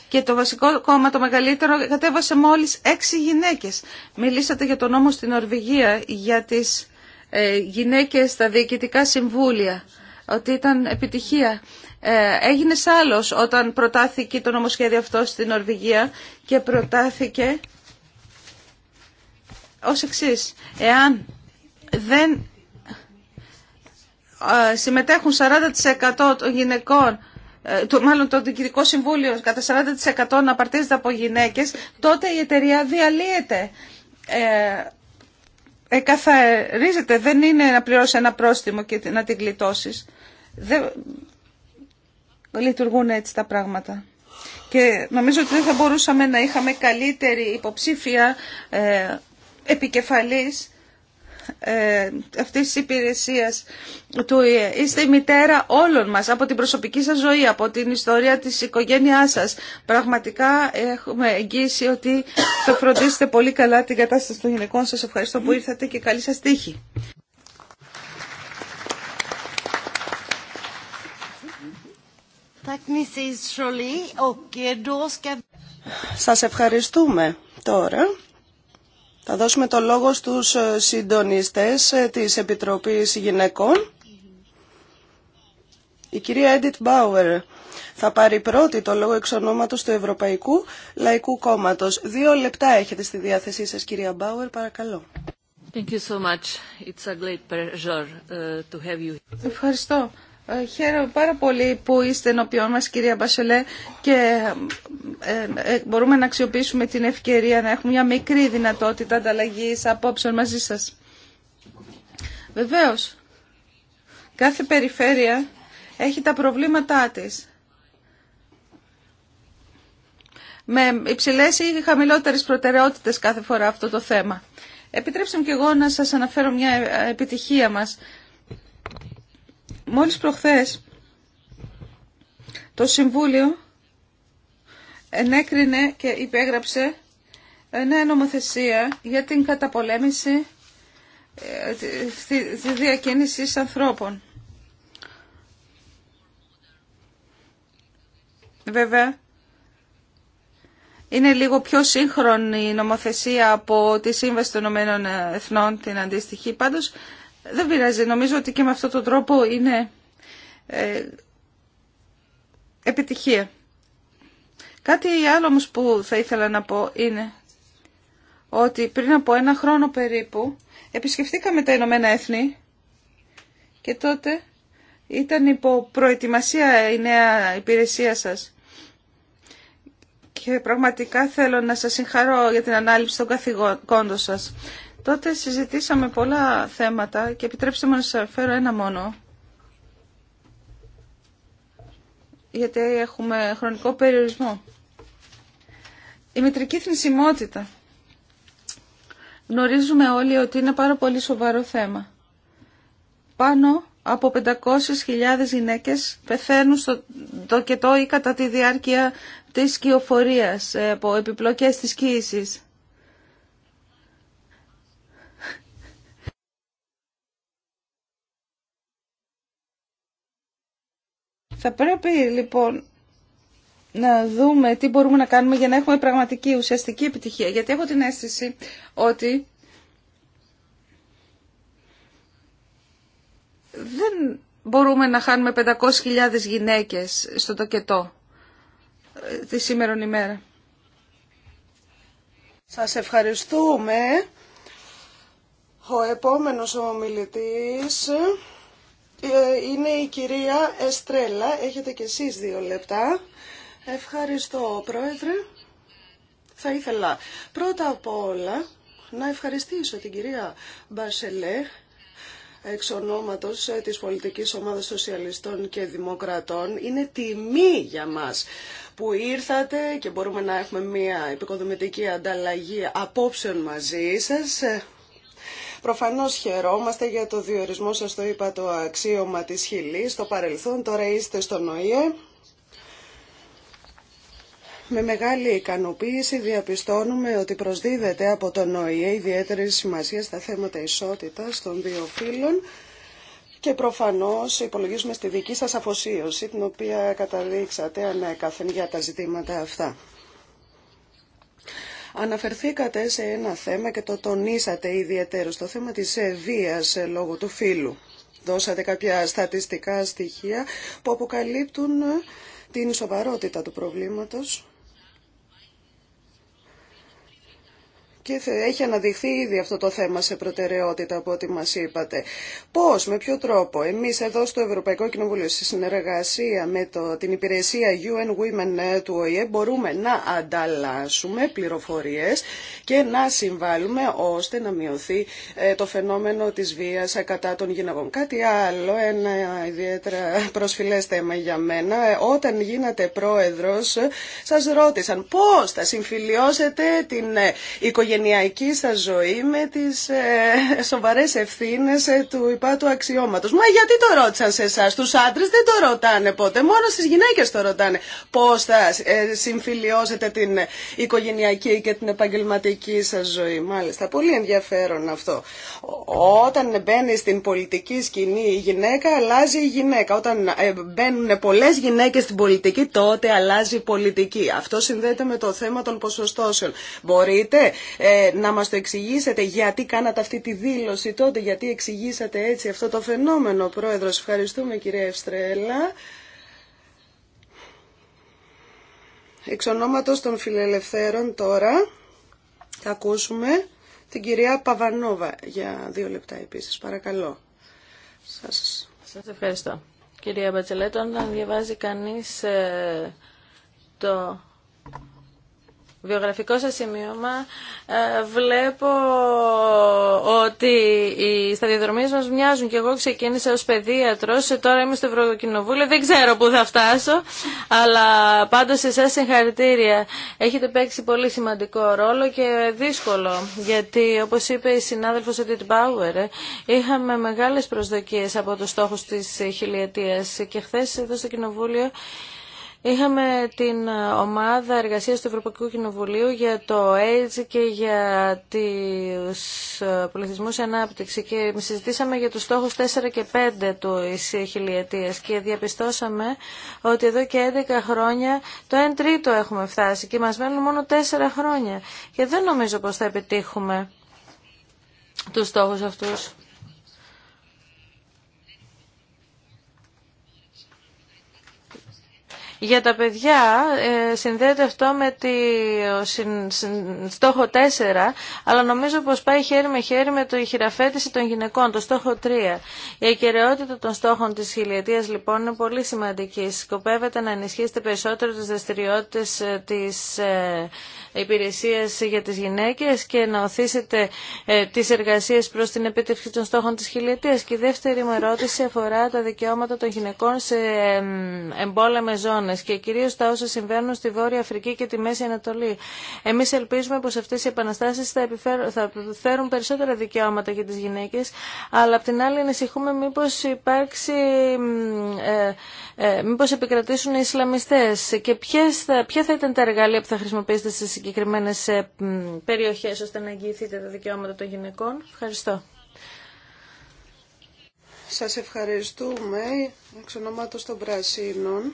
Και το βασικό κόμμα, το μεγαλύτερο, κατέβασε μόλις έξι γυναίκες. Μιλήσατε για τον νόμο στην Νορβηγία, για τις ε, γυναίκες στα διοικητικά συμβούλια, ότι ήταν επιτυχία. Ε, έγινε άλλος όταν προτάθηκε το νομοσχέδιο αυτό στην Νορβηγία και προτάθηκε ως εξής. Εάν δεν ε, συμμετέχουν 40% των γυναικών ε, μάλλον το Διοικητικό Συμβούλιο κατά 40% να απαρτίζεται από γυναίκες, τότε η εταιρεία διαλύεται. Ε, εκαθαρίζεται, δεν είναι να πληρώσει ένα πρόστιμο και να την γλιτώσει. Δεν λειτουργούν έτσι τα πράγματα. Και νομίζω ότι δεν θα μπορούσαμε να είχαμε καλύτερη υποψήφια ε, επικεφαλής ε, αυτής της υπηρεσίας του ΙΕ. Είστε η μητέρα όλων μας, από την προσωπική σας ζωή, από την ιστορία της οικογένειάς σας. Πραγματικά έχουμε εγγύηση ότι θα φροντίσετε πολύ καλά την κατάσταση των γυναικών σας. Ευχαριστώ που ήρθατε και καλή σας τύχη. Eh, σας ευχαριστούμε τώρα. Θα δώσουμε το λόγο στους ε, συντονιστές ε, της Επιτροπής Γυναικών. Η κυρία Έντιτ Μπάουερ θα πάρει πρώτη το λόγο εξ ονόματος του Ευρωπαϊκού Λαϊκού Κόμματος. Δύο λεπτά έχετε στη διάθεσή σας κυρία Μπάουερ, παρακαλώ. Ευχαριστώ. Ε, χαίρομαι πάρα πολύ που είστε ενώπιόν μας κυρία Μπασελέ και ε, ε, μπορούμε να αξιοποιήσουμε την ευκαιρία να έχουμε μια μικρή δυνατότητα ανταλλαγή απόψεων μαζί σας. Βεβαίως, κάθε περιφέρεια έχει τα προβλήματά της. Με υψηλές ή χαμηλότερες προτεραιότητες κάθε φορά αυτό το θέμα. Επιτρέψτε μου και εγώ να σας αναφέρω μια επιτυχία μας Μόλις προχθές το Συμβούλιο ενέκρινε και υπέγραψε νέα νομοθεσία για την καταπολέμηση ε, τη διακίνηση ανθρώπων. Βέβαια, είναι λίγο πιο σύγχρονη η νομοθεσία από τη Σύμβαση των Ηνωμένων Εθνών, την αντίστοιχη. Πάντως, δεν πειράζει. Νομίζω ότι και με αυτόν τον τρόπο είναι ε, επιτυχία. Κάτι άλλο όμως που θα ήθελα να πω είναι ότι πριν από ένα χρόνο περίπου επισκεφτήκαμε τα Ηνωμένα Έθνη και τότε ήταν υπό προετοιμασία η νέα υπηρεσία σας. Και πραγματικά θέλω να σας συγχαρώ για την ανάληψη των καθηγόντων σας. Τότε συζητήσαμε πολλά θέματα και επιτρέψτε μου να σας φέρω ένα μόνο. Γιατί έχουμε χρονικό περιορισμό. Η μετρική θνησιμότητα. Γνωρίζουμε όλοι ότι είναι πάρα πολύ σοβαρό θέμα. Πάνω από 500.000 γυναίκες πεθαίνουν στο κετό ή κατά τη διάρκεια της σκιοφορίας, ε, από επιπλοκές της κοίησης. Θα πρέπει λοιπόν να δούμε τι μπορούμε να κάνουμε για να έχουμε πραγματική ουσιαστική επιτυχία. Γιατί έχω την αίσθηση ότι δεν μπορούμε να χάνουμε 500.000 γυναίκες στο τοκετό ε, τη σήμερα ημέρα. Σας ευχαριστούμε. Ο επόμενος ομιλητής ε, είναι η κυρία Εστρέλα. Έχετε και εσείς δύο λεπτά. Ευχαριστώ, Πρόεδρε. Θα ήθελα πρώτα απ' όλα να ευχαριστήσω την κυρία Μπασελέ εξ ονόματος ε, της πολιτικής ομάδας σοσιαλιστών και δημοκρατών. Είναι τιμή για μας που ήρθατε και μπορούμε να έχουμε μια επικοδομητική ανταλλαγή απόψεων μαζί σας. Προφανώς χαιρόμαστε για το διορισμό σας, το είπα, το αξίωμα της Χιλής στο παρελθόν, τώρα είστε στο ΝΟΙΕ. Με μεγάλη ικανοποίηση διαπιστώνουμε ότι προσδίδεται από το ΝΟΙΕ ιδιαίτερη σημασία στα θέματα ισότητας των δύο φύλων και προφανώς υπολογίζουμε στη δική σας αφοσίωση την οποία καταδείξατε ανέκαθεν για τα ζητήματα αυτά. Αναφερθήκατε σε ένα θέμα και το τονίσατε ιδιαίτερο στο θέμα της ε, βίας ε, λόγω του φίλου. Δώσατε κάποια στατιστικά στοιχεία που αποκαλύπτουν ε, την σοβαρότητα του προβλήματος και έχει αναδειχθεί ήδη αυτό το θέμα σε προτεραιότητα από ό,τι μας είπατε. Πώς, με ποιο τρόπο, εμείς εδώ στο Ευρωπαϊκό Κοινοβούλιο, σε συνεργασία με το, την υπηρεσία UN Women του ΟΗΕ, μπορούμε να ανταλλάσσουμε πληροφορίες και να συμβάλλουμε ώστε να μειωθεί ε, το φαινόμενο της βίας κατά των γυναικών. Κάτι άλλο, ένα ιδιαίτερα προσφυλές θέμα για μένα. Ε, όταν γίνατε πρόεδρος, σας ρώτησαν πώς θα συμφιλιώσετε την ε, οικογένεια οικογενειακή σας ζωή με τις ε, σοβαρές ευθύνες ε, του υπάτου αξιώματος. Μα γιατί το ρώτησαν σε εσάς, τους άντρες δεν το ρωτάνε ποτέ, μόνο στις γυναίκες το ρωτάνε. Πώς θα ε, συμφιλιώσετε την οικογενειακή και την επαγγελματική σας ζωή. Μάλιστα, πολύ ενδιαφέρον αυτό. Όταν μπαίνει στην πολιτική σκηνή η γυναίκα, αλλάζει η γυναίκα. Όταν ε, μπαίνουν πολλές γυναίκες στην πολιτική, τότε αλλάζει η πολιτική. Αυτό συνδέεται με το θέμα των ποσοστώσεων. Μπορείτε ε, να μας το εξηγήσετε γιατί κάνατε αυτή τη δήλωση τότε, γιατί εξηγήσατε έτσι αυτό το φαινόμενο, Πρόεδρος. Ευχαριστούμε κυρία Ευστρέλα. Εξ ονόματος των φιλελευθέρων τώρα θα ακούσουμε την κυρία Παβανόβα για δύο λεπτά επίσης. Παρακαλώ. Σας, Σας ευχαριστώ. Κυρία Μπατσελέτο, αν διαβάζει κανείς ε, το βιογραφικό σας σημείωμα ε, βλέπω ότι οι σταδιοδρομίες μας μοιάζουν και εγώ ξεκίνησα ως παιδίατρος, ε, τώρα είμαι στο Ευρωκοινοβούλιο, δεν ξέρω πού θα φτάσω, αλλά πάντως εσάς συγχαρητήρια. Έχετε παίξει πολύ σημαντικό ρόλο και δύσκολο, γιατί όπως είπε η συνάδελφος Εντίτ Μπάουερ, είχαμε μεγάλες προσδοκίες από το στόχο της χιλιετίας και χθε εδώ στο Κοινοβούλιο Είχαμε την ομάδα εργασίας του Ευρωπαϊκού Κοινοβουλίου για το AIDS και για τους ε, πολιτισμούς ανάπτυξη και συζητήσαμε για τους στόχους 4 και 5 του χιλιετίας και διαπιστώσαμε ότι εδώ και 11 χρόνια το 1 τρίτο έχουμε φτάσει και μας μένουν μόνο 4 χρόνια και δεν νομίζω πως θα επιτύχουμε τους στόχους αυτούς. Για τα παιδιά ε, συνδέεται αυτό με τη στόχο 4, αλλά νομίζω πως πάει χέρι με χέρι με τη χειραφέτηση των γυναικών, το στόχο 3. Η αικαιρεότητα των στόχων της χιλιετίας λοιπόν είναι πολύ σημαντική. Σκοπεύεται να ενισχύσετε περισσότερο τις δραστηριότητε ε, της ε, υπηρεσίας για τις γυναίκες και να οθήσετε τις εργασίες προς την επίτευξη των στόχων της χιλιετίας. Και η δεύτερη μου ερώτηση αφορά τα δικαιώματα των γυναικών σε εμπόλεμες ζώνες και κυρίω τα όσα συμβαίνουν στη Βόρεια Αφρική και τη Μέση Ανατολή. Εμεί ελπίζουμε πω αυτέ οι επαναστάσει θα, θα φέρουν περισσότερα δικαιώματα για τι γυναίκε, αλλά απ' την άλλη ανησυχούμε μήπω υπάρξει, ε, ε, επικρατήσουν οι Ισλαμιστέ και ποιες θα, ποια θα ήταν τα εργαλεία που θα χρησιμοποιήσετε σε συγκεκριμένες ε, περιοχέ ώστε να εγγυηθείτε τα δικαιώματα των γυναικών. Ευχαριστώ. Σας ευχαριστούμε εξ ονόματος των Πρασίνων.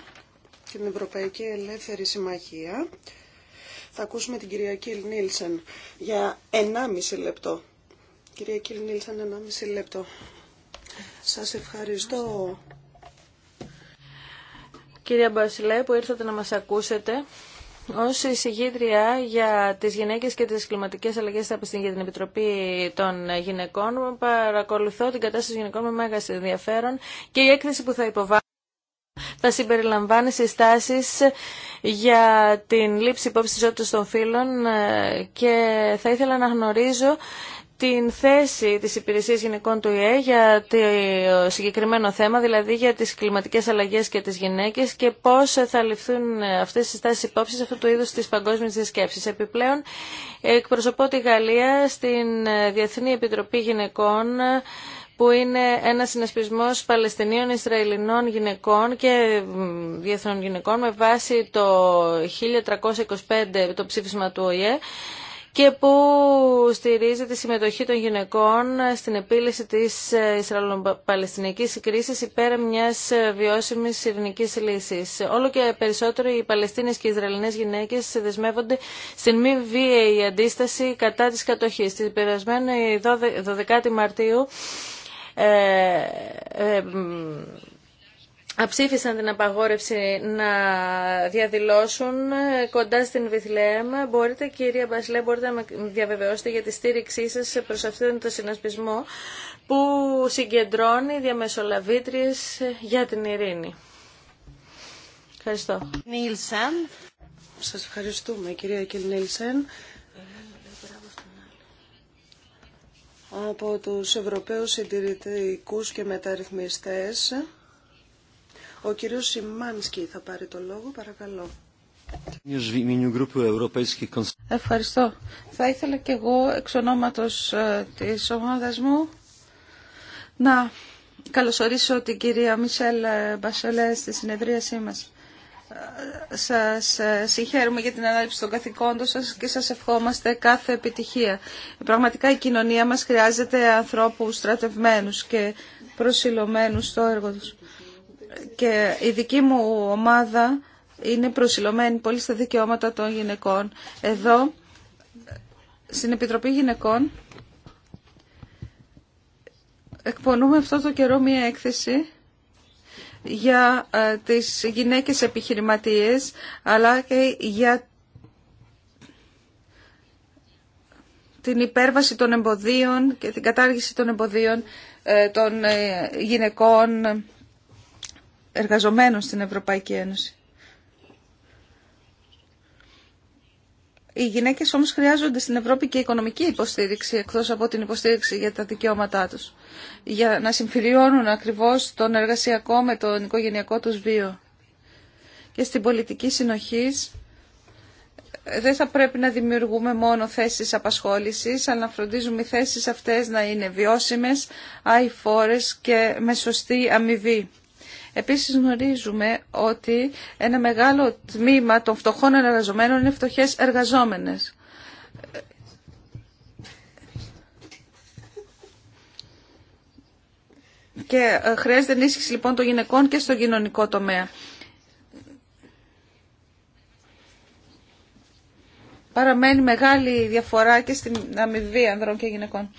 Στην Ευρωπαϊκή Ελεύθερη Συμμαχία. Θα ακούσουμε την κυρία Κιλ Νίλσεν για 1,5 λεπτό. Κυρία Κιλ Νίλσεν, 1,5 λεπτό. Σας ευχαριστώ. Κυρία Μπασιλέ που ήρθατε να μας ακούσετε. Ως εισηγήτρια για τις γυναίκες και τις κλιματικές αλλαγές για την Επιτροπή των Γυναικών παρακολουθώ την κατάσταση των γυναικών με μέγα ενδιαφέρον και η έκθεση που θα υποβάλλω θα συμπεριλαμβάνει συστάσεις για την λήψη υπόψη της των φύλων ε, και θα ήθελα να γνωρίζω την θέση της Υπηρεσίας Γυναικών του ΙΕ για το συγκεκριμένο θέμα, δηλαδή για τις κλιματικές αλλαγές και τις γυναίκες και πώς θα ληφθούν αυτές οι στάσεις υπόψη αυτού του είδους της παγκόσμιας διασκέψης. Επιπλέον, εκπροσωπώ τη Γαλλία στην Διεθνή Επιτροπή Γυναικών που είναι ένα συνασπισμό Παλαιστινίων, Ισραηλινών γυναικών και διεθνών γυναικών με βάση το 1325 το ψήφισμα του ΟΗΕ και που στηρίζει τη συμμετοχή των γυναικών στην επίλυση της ε, ισραηλο-παλαιστινικής κρίσης υπέρ μιας ε, βιώσιμης ειρηνικής λύσης. Όλο και περισσότερο οι Παλαιστίνες και οι Ισραηλινές γυναίκες δεσμεύονται στην μη βίαιη αντίσταση κατά της κατοχής. Την περασμένη 12η Μαρτίου ε, ε, αψήφισαν την απαγόρευση να διαδηλώσουν ε, κοντά στην Βιθλέμ. Μπορείτε, κυρία Μπασλέ, μπορείτε να με διαβεβαιώσετε για τη στήριξή σας προς αυτόν τον συνασπισμό που συγκεντρώνει διαμεσολαβήτριες για την ειρήνη. Ευχαριστώ. Σα Σας ευχαριστούμε, κυρία Κιλ από τους Ευρωπαίους Συντηρητικούς και Μεταρρυθμιστές. Ο κύριος Σιμάνσκι θα πάρει το λόγο, παρακαλώ. Ευχαριστώ. Θα ήθελα και εγώ εξ ονόματος ε, της ομάδας μου να καλωσορίσω την κυρία Μισελ Μπασολέ στη συνεδρίασή μας σας ε, συγχαίρουμε για την ανάληψη των καθηκόντων σας και σας ευχόμαστε κάθε επιτυχία. Πραγματικά η κοινωνία μας χρειάζεται ανθρώπους στρατευμένους και προσιλωμένους στο έργο τους. Και η δική μου ομάδα είναι προσιλωμένη πολύ στα δικαιώματα των γυναικών. Εδώ, στην Επιτροπή Γυναικών, εκπονούμε αυτό το καιρό μία έκθεση για ε, τις γυναίκες επιχειρηματίες αλλά και για την υπέρβαση των εμποδίων και την κατάργηση των εμποδίων ε, των ε, γυναικών εργαζομένων στην Ευρωπαϊκή Ένωση. Οι γυναίκες όμως χρειάζονται στην Ευρώπη και οικονομική υποστήριξη, εκτός από την υποστήριξη για τα δικαιώματά τους, για να συμφιλιώνουν ακριβώς τον εργασιακό με τον οικογενειακό τους βίο. Και στην πολιτική συνοχής ε, δεν θα πρέπει να δημιουργούμε μόνο θέσεις απασχόλησης, αλλά να φροντίζουμε οι θέσεις αυτές να είναι βιώσιμες, αηφόρες και με σωστή αμοιβή. Επίσης γνωρίζουμε ότι ένα μεγάλο τμήμα των φτωχών εργαζομένων είναι φτωχές εργαζόμενες. Και ε, χρειάζεται ενίσχυση λοιπόν των γυναικών και στον κοινωνικό τομέα. Παραμένει μεγάλη διαφορά και στην αμοιβή ανδρών και γυναικών.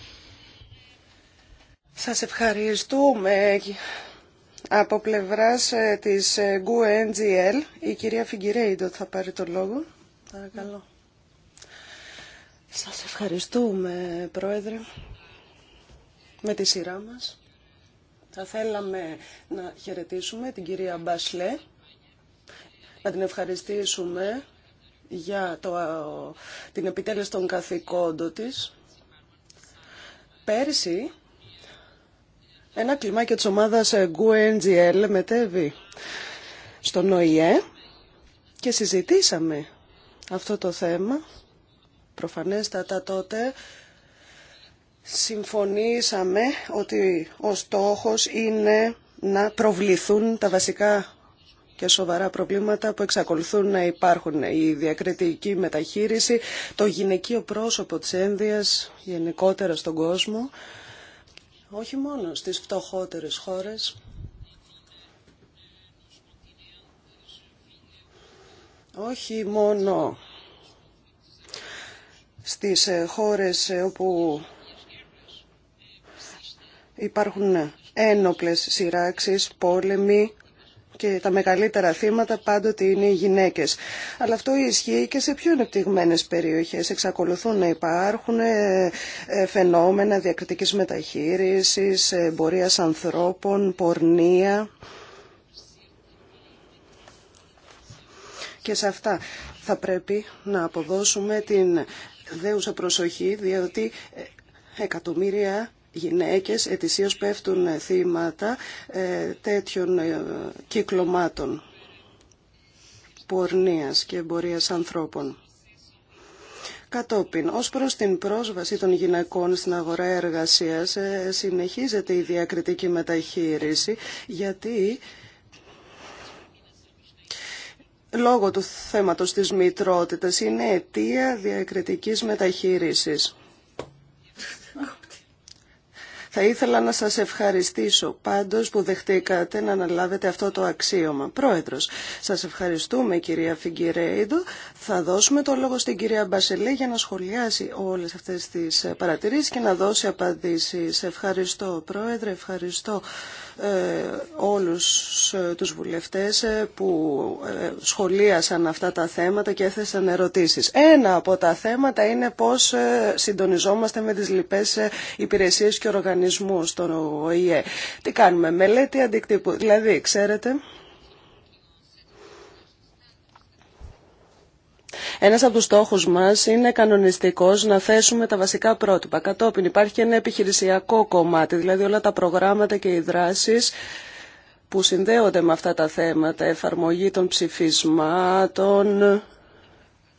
Σας ευχαριστούμε από πλευράς ε, της GUNGL, ε, η κυρία Φιγκυρέιντο θα πάρει το λόγο. Παρακαλώ. Σας ευχαριστούμε, Πρόεδρε, με τη σειρά μας. Θα θέλαμε να χαιρετήσουμε την κυρία Μπασλέ, να την ευχαριστήσουμε για το, την επιτέλεση των καθηκόντων της. Πέρσι ένα κλιμάκι της ομάδας GUNGL ε, μετέβη στον ΟΗΕ και συζητήσαμε αυτό το θέμα. Προφανέστατα τότε συμφωνήσαμε ότι ο στόχος είναι να προβληθούν τα βασικά και σοβαρά προβλήματα που εξακολουθούν να υπάρχουν. Η διακριτική μεταχείριση, το γυναικείο πρόσωπο της ένδυας γενικότερα στον κόσμο, όχι μόνο στις φτωχότερες χώρες, όχι μόνο στις ε, χώρες ε, όπου υπάρχουν ένοπλες σειράξεις, πόλεμοι, και τα μεγαλύτερα θύματα πάντοτε είναι οι γυναίκες. Αλλά αυτό ισχύει και σε πιο ανεπτυγμένες περιοχές. Εξακολουθούν να υπάρχουν ε, ε, φαινόμενα διακριτικής μεταχείρισης, εμπορίας ανθρώπων, πορνεία. Και σε αυτά θα πρέπει να αποδώσουμε την δέουσα προσοχή, διότι ε, εκατομμύρια γυναίκες ετησίως πέφτουν ε, θύματα ε, τέτοιων ε, κυκλωμάτων πορνείας και εμπορίας ανθρώπων. Κατόπιν, ως προς την πρόσβαση των γυναικών στην αγορά εργασίας, συνεχίζεται η διακριτική μεταχείριση, γιατί λόγω του θέματος της μητρότητας είναι αιτία διακριτικής μεταχείρισης. Θα ήθελα να σας ευχαριστήσω πάντως που δεχτήκατε να αναλάβετε αυτό το αξίωμα. Πρόεδρος, σας ευχαριστούμε κυρία Φιγκυρέιδο. Θα δώσουμε το λόγο στην κυρία Μπασελέ για να σχολιάσει όλες αυτές τις παρατηρήσεις και να δώσει απαντήσεις. Ευχαριστώ πρόεδρε, ευχαριστώ. Ε, όλους ε, τους βουλευτές ε, που σχολίασαν αυτά τα θέματα και έθεσαν ερωτήσεις. Ένα από τα θέματα είναι πώς συντονιζόμαστε με τις λοιπές υπηρεσίες και οργανισμούς των ΟΗΕ. Τι κάνουμε, μελέτη αντικτύπου. Δηλαδή, ξέρετε, Ένας από τους στόχου μας είναι κανονιστικός να θέσουμε τα βασικά πρότυπα. Κατόπιν υπάρχει και ένα επιχειρησιακό κομμάτι, δηλαδή όλα τα προγράμματα και οι δράσεις που συνδέονται με αυτά τα θέματα, εφαρμογή των ψηφισμάτων,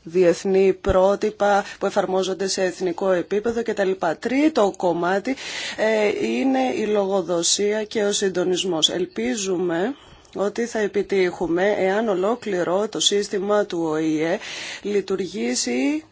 διεθνή πρότυπα που εφαρμόζονται σε εθνικό επίπεδο κτλ. Τρίτο κομμάτι ε, είναι η λογοδοσία και ο συντονισμός. Ελπίζουμε ότι θα επιτύχουμε εάν ολόκληρο το σύστημα του ΟΗΕ λειτουργήσει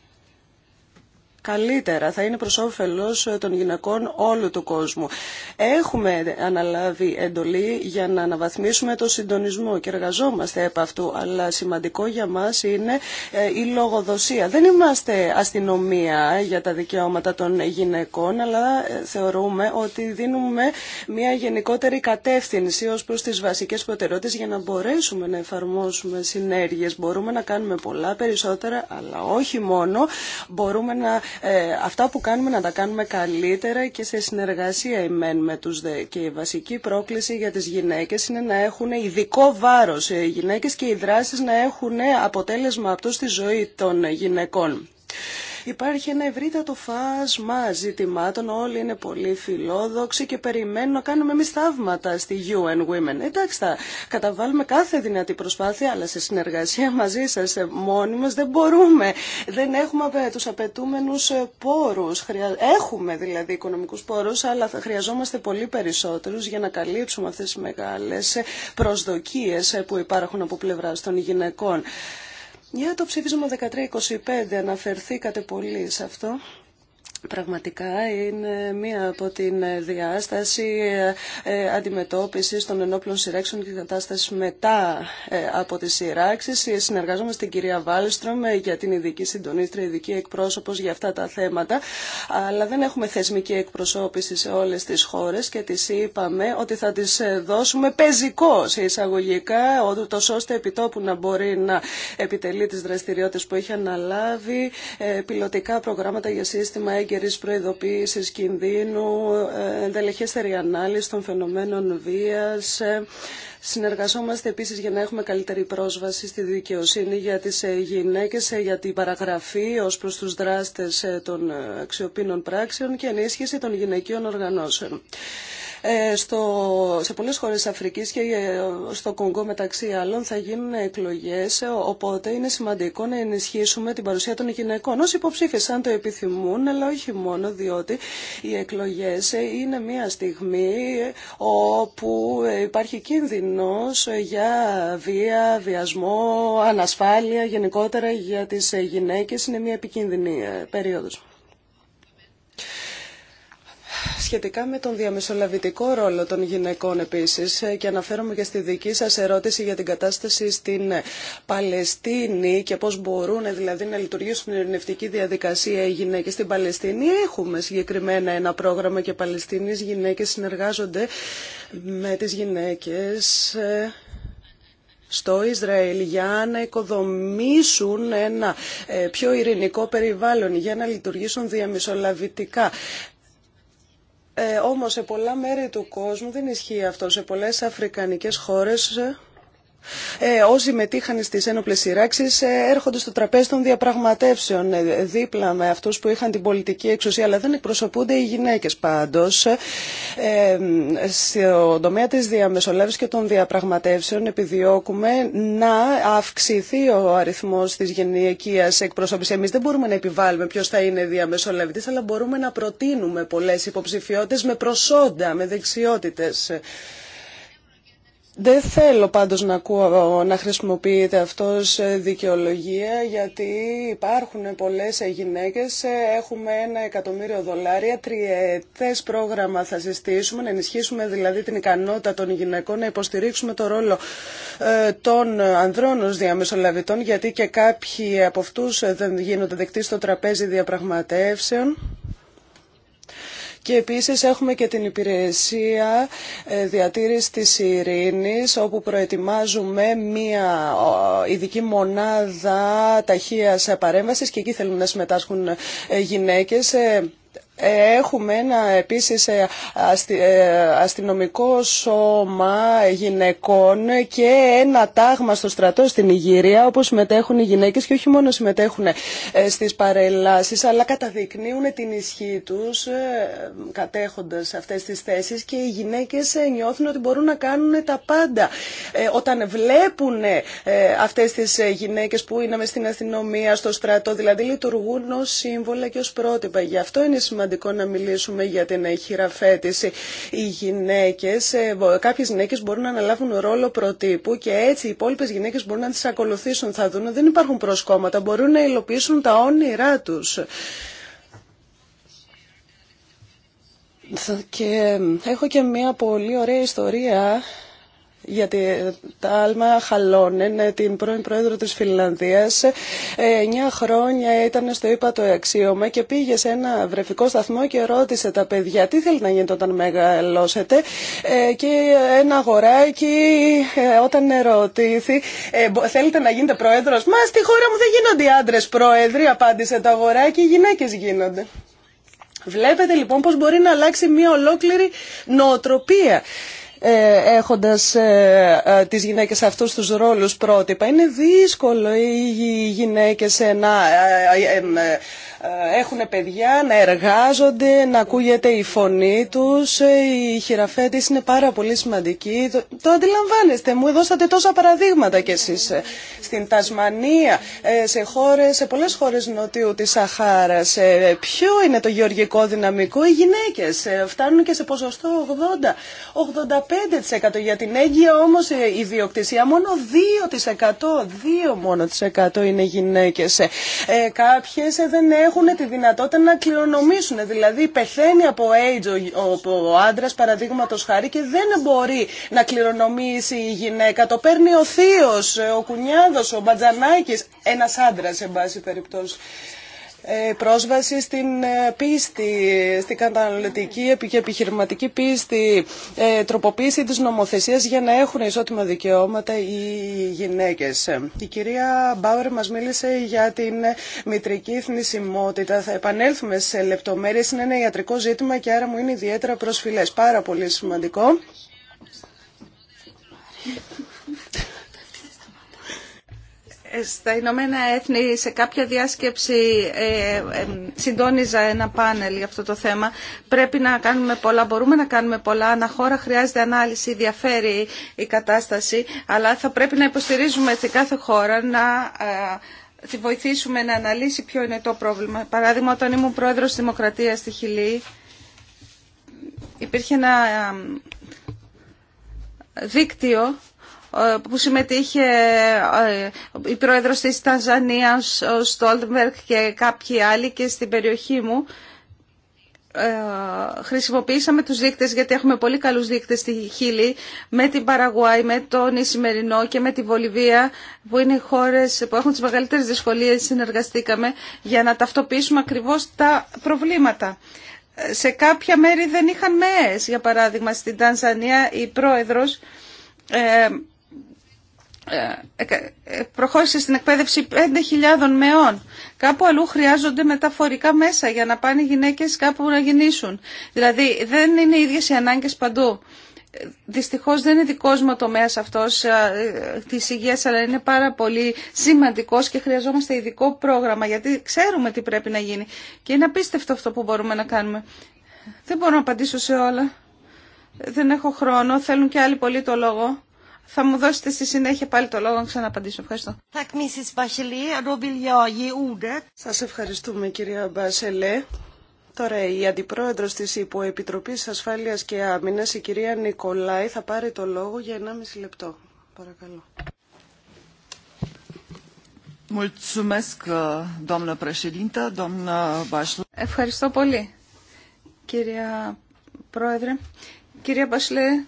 καλύτερα, θα είναι προς όφελος ε, των γυναικών όλου του κόσμου. Έχουμε αναλάβει εντολή για να αναβαθμίσουμε το συντονισμό και εργαζόμαστε επ' αυτού, αλλά σημαντικό για μας είναι ε, η λογοδοσία. Δεν είμαστε αστυνομία για τα δικαιώματα των γυναικών, αλλά ε, θεωρούμε ότι δίνουμε μια γενικότερη κατεύθυνση ως προς τις βασικές προτεραιότητες για να μπορέσουμε να εφαρμόσουμε συνέργειες. Μπορούμε να κάνουμε πολλά περισσότερα, αλλά όχι μόνο. Μπορούμε να ε, αυτά που κάνουμε να τα κάνουμε καλύτερα και σε συνεργασία με τους δε. Και η βασική πρόκληση για τις γυναίκες είναι να έχουν ειδικό βάρος οι γυναίκες και οι δράσεις να έχουν αποτέλεσμα αυτό στη ζωή των γυναικών. Υπάρχει ένα ευρύτατο φάσμα ζητημάτων, όλοι είναι πολύ φιλόδοξοι και περιμένουν να κάνουμε εμεί θαύματα στη UN Women. Εντάξει, θα καταβάλουμε κάθε δυνατή προσπάθεια, αλλά σε συνεργασία μαζί σα ε, μόνοι μα δεν μπορούμε. Δεν έχουμε του απαιτούμενου ε, πόρου. Έχουμε δηλαδή οικονομικού πόρου, αλλά θα χρειαζόμαστε πολύ περισσότερου για να καλύψουμε αυτέ τι μεγάλε προσδοκίε ε, που υπάρχουν από πλευρά των γυναικών. Για το ψήφισμα 1325 αναφερθήκατε πολύ σε αυτό. Πραγματικά είναι μία από την διάσταση ε, αντιμετώπισης των ενόπλων σειράξεων και κατάσταση μετά ε, από τις σειράξεις. Ε, συνεργάζομαι στην κυρία Βάλστρομ για την ειδική συντονίστρια, ειδική εκπρόσωπος για αυτά τα θέματα, αλλά δεν έχουμε θεσμική εκπροσώπηση σε όλες τις χώρες και τις είπαμε ότι θα τις δώσουμε πεζικό σε εισαγωγικά, τόσο ώστε επιτόπου να μπορεί να επιτελεί τις δραστηριότητες που έχει αναλάβει, πιλωτικά προγράμματα για σύστημα έγκαιρα έγκαιρης προειδοποίησης κινδύνου, ε, εντελεχέστερη ανάλυση των φαινομένων βία, ε, Συνεργαζόμαστε επίσης για να έχουμε καλύτερη πρόσβαση στη δικαιοσύνη για τις ε, γυναίκες, για την παραγραφή ως προς τους δράστες των αξιοπίνων πράξεων και ενίσχυση των γυναικείων οργανώσεων. Ε, στο, σε πολλές χώρες Αφρικής και ε, στο Κονγκό μεταξύ άλλων θα γίνουν εκλογές, ε, οπότε είναι σημαντικό να ενισχύσουμε την παρουσία των γυναικών ως υποψήφιες αν το επιθυμούν, αλλά όχι μόνο διότι οι εκλογές είναι μια στιγμή όπου υπάρχει κίνδυνος για βία, βιασμό, ανασφάλεια γενικότερα για τις γυναίκες είναι μια επικίνδυνη περίοδος. Σχετικά με τον διαμεσολαβητικό ρόλο των γυναικών επίσης ε, και αναφέρομαι και στη δική σας ερώτηση για την κατάσταση στην ε, Παλαιστίνη και πώς μπορούν ε, δηλαδή να λειτουργήσουν η ειρηνευτική διαδικασία οι γυναίκες στην Παλαιστίνη. Έχουμε συγκεκριμένα ένα πρόγραμμα και Παλαιστίνης γυναίκες συνεργάζονται με τις γυναίκες στο Ισραήλ για να οικοδομήσουν ένα πιο ειρηνικό περιβάλλον, για να λειτουργήσουν διαμεσολαβητικά. Ε, όμως σε πολλά μέρη του κόσμου δεν ισχύει αυτό. Σε πολλές αφρικανικές χώρες ε, ε, όσοι μετήχαν στις ένοπλες σειράξεις ε, έρχονται στο τραπέζι των διαπραγματεύσεων ε, δίπλα με αυτού που είχαν την πολιτική εξουσία αλλά δεν εκπροσωπούνται οι γυναίκες πάντως. Στον τομέα τη διαμεσολάβηση και των διαπραγματεύσεων επιδιώκουμε να αυξηθεί ο αριθμό τη γυναικεία εκπροσώπηση. Εμεί δεν μπορούμε να επιβάλλουμε ποιο θα είναι διαμεσολαβητής αλλά μπορούμε να προτείνουμε πολλέ υποψηφιότητε με προσόντα, με δεξιότητες. Δεν θέλω πάντως να να χρησιμοποιείται αυτό σε δικαιολογία γιατί υπάρχουν πολλές γυναίκες, έχουμε ένα εκατομμύριο δολάρια, τριετές πρόγραμμα θα συστήσουμε, να ενισχύσουμε δηλαδή την ικανότητα των γυναικών, να υποστηρίξουμε το ρόλο ε, των ανδρών ως διαμεσολαβητών γιατί και κάποιοι από αυτούς δεν γίνονται δεκτοί στο τραπέζι διαπραγματεύσεων. Και επίσης έχουμε και την υπηρεσία ε, διατήρησης της ειρήνης όπου προετοιμάζουμε μία ειδική μονάδα ταχείας παρέμβασης και εκεί θέλουν να συμμετάσχουν ε, γυναίκες ε, Έχουμε ένα επίσης ε, ε, αστυνομικό σώμα γυναικών και ένα τάγμα στο στρατό στην Ιγυρία όπου συμμετέχουν οι γυναίκες και όχι μόνο συμμετέχουν ε, στις παρελάσεις αλλά καταδεικνύουν την ισχύ τους κατέχοντας αυτές τις θέσεις και οι γυναίκες νιώθουν ότι μπορούν να κάνουν τα πάντα. Όταν βλέπουν αυτές τις γυναίκες που είναι μες στην αστυνομία, στο στρατό, δηλαδή λειτουργούν ως σύμβολα και ως πρότυπα. Γι' αυτό είναι σημαντικό σημαντικό να μιλήσουμε για την χειραφέτηση. Οι γυναίκες, ε, κάποιες γυναίκες μπορούν να αναλάβουν ρόλο προτύπου και έτσι οι υπόλοιπε γυναίκες μπορούν να τις ακολουθήσουν. Θα δουν δεν υπάρχουν προσκόμματα, μπορούν να υλοποιήσουν τα όνειρά τους. Και ε, έχω και μια πολύ ωραία ιστορία γιατί τα Άλμα χαλώνουν την πρώην πρόεδρο της Φιλανδίας. 9 ε, χρόνια ήταν στο ύπατο το αξίωμα και πήγε σε ένα βρεφικό σταθμό και ρώτησε τα παιδιά τι θέλετε να γίνετε όταν μεγαλώσετε ε, και ένα αγοράκι ε, όταν ερωτήθη θέλετε να γίνετε πρόεδρος. Μα στη χώρα μου δεν γίνονται άντρες πρόεδροι, απάντησε το αγοράκι, οι γυναίκες γίνονται. Βλέπετε λοιπόν πώς μπορεί να αλλάξει μια ολόκληρη νοοτροπία. Ε, έχοντας ε, ε, τις γυναίκες αυτούς τους ρόλους πρότυπα. Είναι δύσκολο οι γυναίκες να ε, έχουν παιδιά, να εργάζονται, να ακούγεται η φωνή τους. Ε, η χειραφέτηση είναι πάρα πολύ σημαντική. Το, αντιλαμβάνεστε, μου δώσατε τόσα παραδείγματα κι εσείς. Ε, στην Τασμανία, σε, χώρες, σε πολλές χώρες νοτιού της Σαχάρας, ποιο είναι το γεωργικό δυναμικό, οι γυναίκες φτάνουν και σε ποσοστό 80, 85% για την έγκυα όμως η διοκτησία μόνο 2%, 2 μόνο είναι γυναίκες. Ε, κάποιες δεν έχουν τη δυνατότητα να κληρονομήσουν. Δηλαδή πεθαίνει από AIDS ο, ο άντρα παραδείγματο χάρη και δεν μπορεί να κληρονομήσει η γυναίκα. Το παίρνει ο θείο, ο κουνιάδο, ο μπατζανάκη. Ένα άντρα, εν πάση περιπτώσει. Ε, πρόσβαση στην ε, πίστη, στην καταναλωτική και επιχειρηματική πίστη, ε, τροποποίηση της νομοθεσίας για να έχουν ισότιμα δικαιώματα οι γυναίκες. Η κυρία Μπάουερ μας μίλησε για την μητρική θνησιμότητα. Θα επανέλθουμε σε λεπτομέρειες. Είναι ένα ιατρικό ζήτημα και άρα μου είναι ιδιαίτερα προσφυλές. Πάρα πολύ σημαντικό στα Ηνωμένα Έθνη σε κάποια διάσκεψη ε, ε, συντόνιζα ένα πάνελ για αυτό το θέμα. Πρέπει να κάνουμε πολλά, μπορούμε να κάνουμε πολλά. χώρα χρειάζεται ανάλυση, διαφέρει η κατάσταση, αλλά θα πρέπει να υποστηρίζουμε σε κάθε χώρα να ε, τη βοηθήσουμε να αναλύσει ποιο είναι το πρόβλημα. Παράδειγμα, όταν ήμουν πρόεδρος της Δημοκρατίας στη Χιλή, υπήρχε ένα δίκτυο που συμμετείχε ε, η πρόεδρος της Τανζανίας, ο Στόλτμπεργκ και κάποιοι άλλοι και στην περιοχή μου ε, χρησιμοποίησαμε τους δείκτες γιατί έχουμε πολύ καλούς δείκτες στη Χίλη με την Παραγουάη, με τον Ισημερινό και με τη Βολιβία που είναι οι χώρες που έχουν τις μεγαλύτερες δυσκολίες συνεργαστήκαμε για να ταυτοποιήσουμε ακριβώς τα προβλήματα. Σε κάποια μέρη δεν είχαν ΜΕΕΣ, για παράδειγμα στην Τανζανία η πρόεδρος ε, ε, ε, ε, προχώρησε στην εκπαίδευση 5.000 μεών. Κάπου αλλού χρειάζονται μεταφορικά μέσα για να πάνε οι γυναίκες κάπου να γεννήσουν. Δηλαδή δεν είναι οι ίδιες οι ανάγκες παντού. Δυστυχώ δεν είναι δικός μου τομέα αυτό τη υγείας, αλλά είναι πάρα πολύ σημαντικό και χρειαζόμαστε ειδικό πρόγραμμα, γιατί ξέρουμε τι πρέπει να γίνει. Και είναι απίστευτο αυτό που μπορούμε να κάνουμε. Δεν μπορώ να απαντήσω σε όλα. Δεν έχω χρόνο. Θέλουν και άλλοι πολύ το λόγο. Θα μου δώσετε στη συνέχεια πάλι το λόγο να ξαναπαντήσω. Ευχαριστώ. Σα ευχαριστούμε κυρία Μπασελέ. Τώρα η Αντιπρόεδρος της Υποεπιτροπής Ασφάλειας και Άμυνας, η κυρία Νικολάη, θα πάρει το λόγο για 1,5 λεπτό. Παρακαλώ. Ευχαριστώ πολύ, κυρία Πρόεδρε. Κυρία Μπασλέ,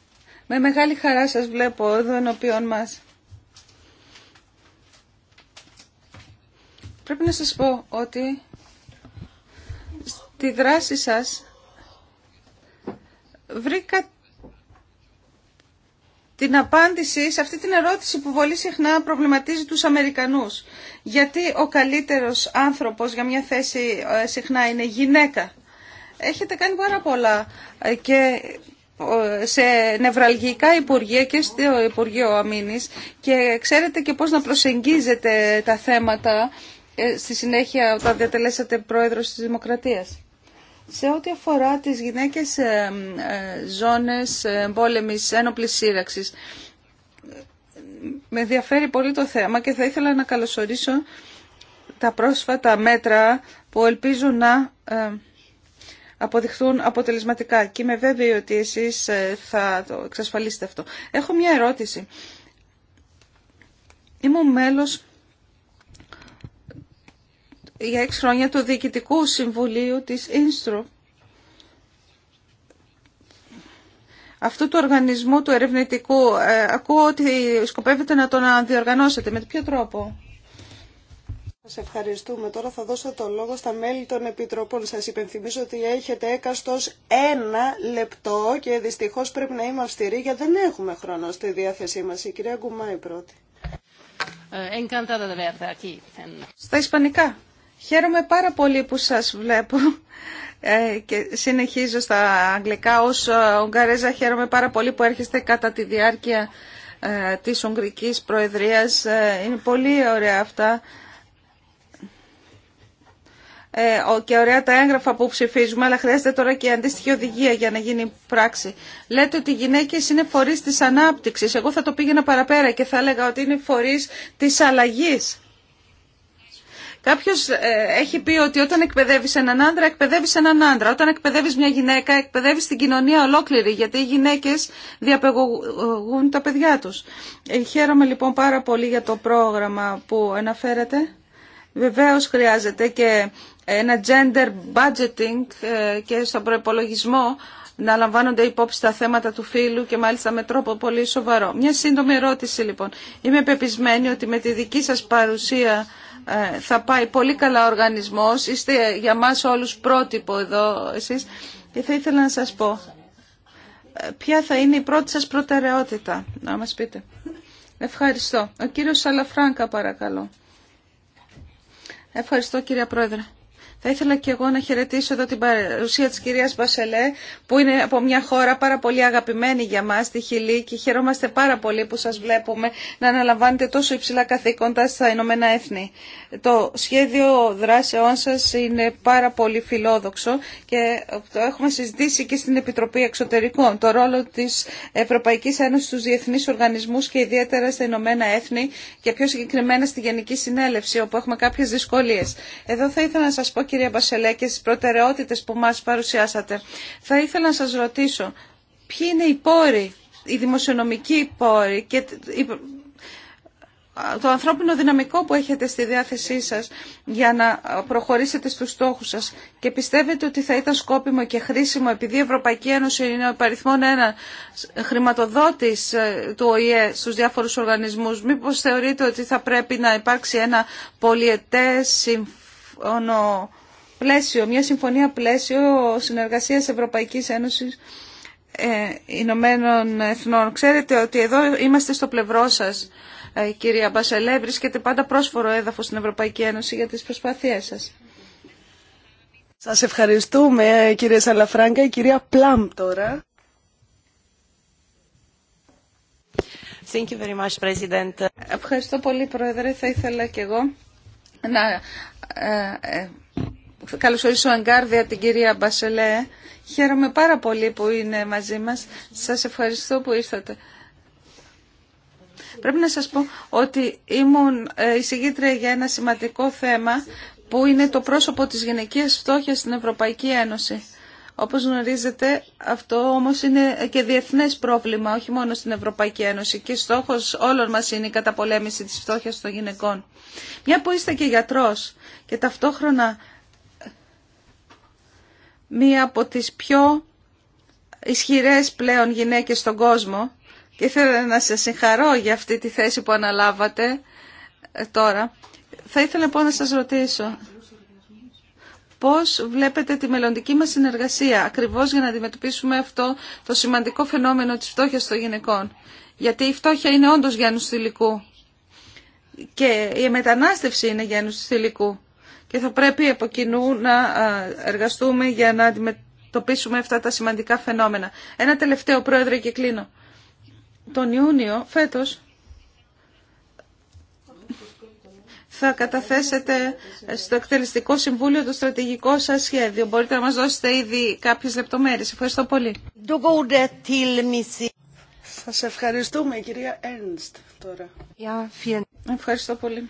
με μεγάλη χαρά σας βλέπω εδώ ενώπιον μας. Πρέπει να σας πω ότι στη δράση σας βρήκα την απάντηση σε αυτή την ερώτηση που πολύ συχνά προβληματίζει τους Αμερικανούς. Γιατί ο καλύτερος άνθρωπος για μια θέση ε, συχνά είναι γυναίκα. Έχετε κάνει πάρα πολλά ε, και σε νευραλγικά υπουργεία και στο Υπουργείο Αμήνης και ξέρετε και πώς να προσεγγίζετε τα θέματα ε, στη συνέχεια όταν διατελέσατε πρόεδρος της Δημοκρατίας. Σε ό,τι αφορά τις γυναίκες ε, ε, ζώνες πόλεμης ένοπλης σύραξης, με ενδιαφέρει πολύ το θέμα και θα ήθελα να καλωσορίσω τα πρόσφατα μέτρα που ελπίζω να αποδειχθούν αποτελεσματικά. Και είμαι βέβαιη ότι εσείς ε, θα το εξασφαλίσετε αυτό. Έχω μια ερώτηση. Ήμουν μέλος για έξι χρόνια του Διοικητικού Συμβουλίου της Ίνστρου. Αυτού του οργανισμού του ερευνητικού, ε, ακούω ότι σκοπεύετε να τον διοργανώσετε. Με ποιο τρόπο? Σας ευχαριστούμε. Τώρα θα δώσω το λόγο στα μέλη των Επιτροπών. Σας υπενθυμίζω ότι έχετε έκαστος ένα λεπτό και δυστυχώς πρέπει να είμαι αυστηρή γιατί δεν έχουμε χρόνο στη διάθεσή μας. Η κυρία Γκουμάη πρώτη. Ε, στα Ισπανικά. Χαίρομαι πάρα πολύ που σας βλέπω ε, και συνεχίζω στα Αγγλικά. Ως ε, Ουγγαρέζα χαίρομαι πάρα πολύ που έρχεστε κατά τη διάρκεια της Ουγγρικής Προεδρίας. Είναι πολύ ωραία αυτά ε, και ωραία τα έγγραφα που ψηφίζουμε, αλλά χρειάζεται τώρα και αντίστοιχη οδηγία για να γίνει πράξη. Λέτε ότι οι γυναίκε είναι φορεί τη ανάπτυξη. Εγώ θα το πήγαινα παραπέρα και θα έλεγα ότι είναι φορεί τη αλλαγή. Κάποιο ε, έχει πει ότι όταν εκπαιδεύει έναν άντρα, εκπαιδεύει έναν άντρα. Όταν εκπαιδεύει μια γυναίκα, εκπαιδεύει την κοινωνία ολόκληρη, γιατί οι γυναίκε διαπαιδεύουν τα παιδιά του. Ε, χαίρομαι λοιπόν πάρα πολύ για το πρόγραμμα που αναφέρατε. Βεβαίω χρειάζεται και ένα gender budgeting ε, και στον προπολογισμό να λαμβάνονται υπόψη τα θέματα του φύλου και μάλιστα με τρόπο πολύ σοβαρό. Μια σύντομη ερώτηση λοιπόν. Είμαι πεπισμένη ότι με τη δική σας παρουσία ε, θα πάει πολύ καλά ο οργανισμός. Είστε για μας όλους πρότυπο εδώ εσείς. Και θα ήθελα να σας πω ε, ποια θα είναι η πρώτη σας προτεραιότητα. Να μας πείτε. Ευχαριστώ. Ο κύριος Σαλαφράνκα παρακαλώ. Ευχαριστώ κύριε Πρόεδρε. Θα ήθελα και εγώ να χαιρετήσω εδώ την παρουσία της κυρίας Μπασελέ, που είναι από μια χώρα πάρα πολύ αγαπημένη για μας, τη Χιλή, και χαιρόμαστε πάρα πολύ που σας βλέπουμε να αναλαμβάνετε τόσο υψηλά καθήκοντα στα Ηνωμένα Έθνη. Το σχέδιο δράσεών σας είναι πάρα πολύ φιλόδοξο και το έχουμε συζητήσει και στην Επιτροπή Εξωτερικών, το ρόλο της Ευρωπαϊκής Ένωσης στους διεθνείς οργανισμούς και ιδιαίτερα στα Ηνωμένα Έθνη και πιο συγκεκριμένα στη Γενική Συνέλευση, όπου έχουμε κάποιες δυσκολίες. Εδώ θα ήθελα να σας πω και κύριε Μπασελέ και στις προτεραιότητες που μας παρουσιάσατε. Θα ήθελα να σας ρωτήσω, ποιοι είναι οι πόροι, οι δημοσιονομικοί πόροι και το ανθρώπινο δυναμικό που έχετε στη διάθεσή σας για να προχωρήσετε στους στόχους σας και πιστεύετε ότι θα ήταν σκόπιμο και χρήσιμο επειδή η Ευρωπαϊκή Ένωση είναι ο υπαριθμόν ένα χρηματοδότης ε, του ΟΗΕ στους διάφορους οργανισμούς μήπως θεωρείτε ότι θα πρέπει να υπάρξει ένα πολιετές συμφωνό πλαίσιο, μια συμφωνία πλαίσιο συνεργασίας Ευρωπαϊκής Ένωσης ε, Ηνωμένων Εθνών. Ξέρετε ότι εδώ είμαστε στο πλευρό σας, ε, κυρία Μπασελέ, βρίσκεται πάντα πρόσφορο έδαφος στην Ευρωπαϊκή Ένωση για τις προσπάθειές σας. Σας ευχαριστούμε κυρία Σαλαφράγκα. Η κυρία Πλάμ τώρα. Thank you very much, Ευχαριστώ πολύ, Πρόεδρε. Θα ήθελα και εγώ να ε, ε, καλωσορίσω εγκάρδια την κυρία Μπασελέ. Χαίρομαι πάρα πολύ που είναι μαζί μας. Σας ευχαριστώ που ήρθατε. Πρέπει να σας πω ότι ήμουν ε, εισηγήτρια για ένα σημαντικό θέμα που είναι το πρόσωπο της γυναικείας φτώχειας στην Ευρωπαϊκή Ένωση. Όπως γνωρίζετε, αυτό όμως είναι και διεθνές πρόβλημα, όχι μόνο στην Ευρωπαϊκή Ένωση. Και στόχος όλων μας είναι η καταπολέμηση της φτώχειας των γυναικών. Μια που είστε και γιατρός και ταυτόχρονα μία από τις πιο ισχυρές πλέον γυναίκες στον κόσμο και ήθελα να σας συγχαρώ για αυτή τη θέση που αναλάβατε ε, τώρα. Θα ήθελα λοιπόν να σας ρωτήσω πώς βλέπετε τη μελλοντική μας συνεργασία ακριβώς για να αντιμετωπίσουμε αυτό το σημαντικό φαινόμενο της φτώχειας των γυναικών. Γιατί η φτώχεια είναι όντως γένους θηλυκού και η μετανάστευση είναι γένους θηλυκού και θα πρέπει από κοινού να εργαστούμε για να αντιμετωπίσουμε αυτά τα σημαντικά φαινόμενα. Ένα τελευταίο, Πρόεδρε, και κλείνω. Τον Ιούνιο φέτος θα καταθέσετε στο εκτελεστικό συμβούλιο το στρατηγικό σας σχέδιο. Μπορείτε να μας δώσετε ήδη κάποιες λεπτομέρειες. Ευχαριστώ πολύ. Σας ευχαριστούμε, κυρία Ένστ τώρα. Ευχαριστώ πολύ.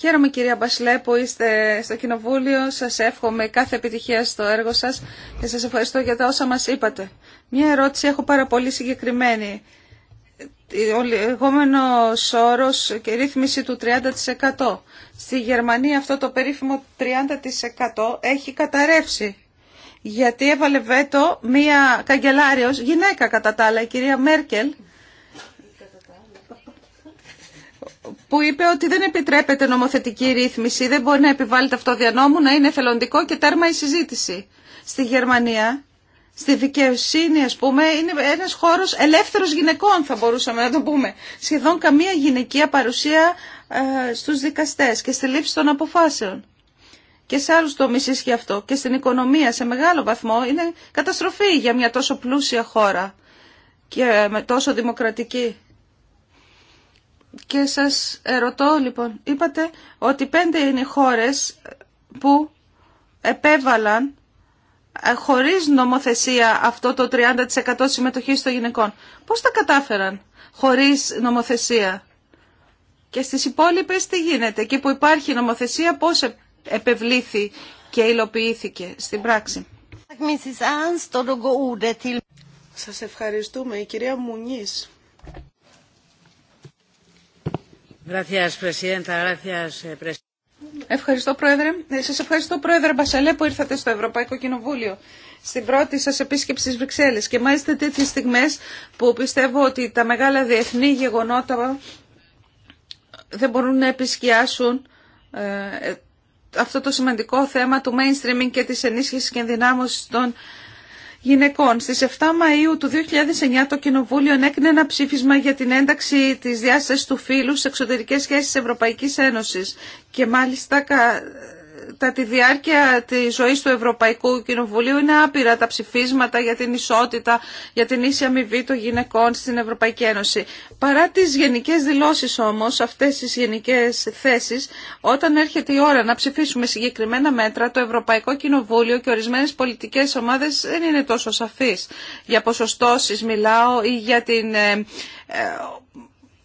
Χαίρομαι κυρία Μπασλέ που είστε στο Κοινοβούλιο. Σας εύχομαι κάθε επιτυχία στο έργο σας και σας ευχαριστώ για τα όσα μας είπατε. Μια ερώτηση έχω πάρα πολύ συγκεκριμένη. Ο λεγόμενο όρο και ρύθμιση του 30%. Στη Γερμανία αυτό το περίφημο 30% έχει καταρρεύσει. Γιατί έβαλε βέτο μία καγκελάριος, γυναίκα κατά τα άλλα, η κυρία Μέρκελ, που είπε ότι δεν επιτρέπεται νομοθετική ρύθμιση, δεν μπορεί να επιβάλλεται αυτό δια νόμου, να είναι εθελοντικό και τέρμα η συζήτηση. Στη Γερμανία, στη δικαιοσύνη ας πούμε, είναι ένας χώρος ελεύθερος γυναικών θα μπορούσαμε να το πούμε. Σχεδόν καμία γυναικεία παρουσία ε, στους δικαστές και στη λήψη των αποφάσεων. Και σε άλλους τομείς ισχύει αυτό. Και στην οικονομία σε μεγάλο βαθμό είναι καταστροφή για μια τόσο πλούσια χώρα και με τόσο δημοκρατική. Και σας ερωτώ λοιπόν, είπατε ότι πέντε είναι οι χώρες που επέβαλαν ε, χωρίς νομοθεσία αυτό το 30% συμμετοχή των γυναικών. Πώς τα κατάφεραν χωρίς νομοθεσία. Και στις υπόλοιπες τι γίνεται. και που υπάρχει νομοθεσία πώς επευλήθη και υλοποιήθηκε στην πράξη. Σας ευχαριστούμε. Η κυρία Μουνής. Eh, ευχαριστώ, Πρόεδρε. Ε, σας ευχαριστώ, Πρόεδρε Μπασαλέ, που ήρθατε στο Ευρωπαϊκό Κοινοβούλιο στην πρώτη σας επίσκεψη στις Βρυξέλλες και μάλιστα τέτοιες στιγμές που πιστεύω ότι τα μεγάλα διεθνή γεγονότα δεν μπορούν να επισκιάσουν ε, ε, αυτό το σημαντικό θέμα του mainstreaming και της ενίσχυσης και ενδυνάμωσης των γυναικών. Στις 7 Μαου του 2009 το Κοινοβούλιο ενέκρινε ένα ψήφισμα για την ένταξη της διάσταση του φύλου σε εξωτερικές σχέσεις ευρωπαϊκή Ένωση και μάλιστα τα τη διάρκεια τη ζωή του Ευρωπαϊκού Κοινοβουλίου είναι άπειρα τα ψηφίσματα για την ισότητα, για την ίση αμοιβή των γυναικών στην Ευρωπαϊκή Ένωση. Παρά τι γενικέ δηλώσει όμω, αυτέ τι γενικέ θέσει, όταν έρχεται η ώρα να ψηφίσουμε συγκεκριμένα μέτρα, το Ευρωπαϊκό Κοινοβούλιο και ορισμένε πολιτικές ομάδες δεν είναι τόσο σαφείς. Για ποσοστώσει μιλάω ή για την ε, ε,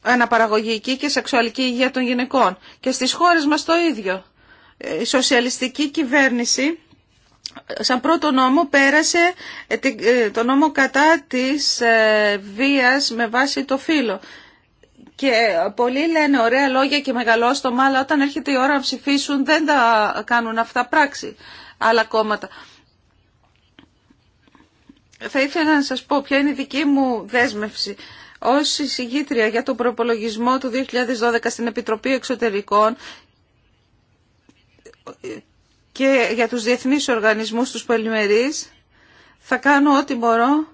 αναπαραγωγική και σεξουαλική υγεία των γυναικών. Και στις χώρες μας το ίδιο. Ε, η σοσιαλιστική κυβέρνηση σαν πρώτο νόμο πέρασε ε, ε, το νόμο κατά της βίας με βάση το φύλλο. Και πολλοί λένε ωραία λόγια και μεγαλόστομα, αλλά όταν έρχεται η ώρα να ψηφίσουν δεν τα κάνουν αυτά πράξη άλλα κόμματα. Θα ήθελα να σας πω ποια είναι η δική μου δέσμευση. Ως συγγήτρια για τον προπολογισμό του 2012 στην Επιτροπή Εξωτερικών και για τους διεθνείς οργανισμούς τους πολυμερείς θα κάνω ό,τι μπορώ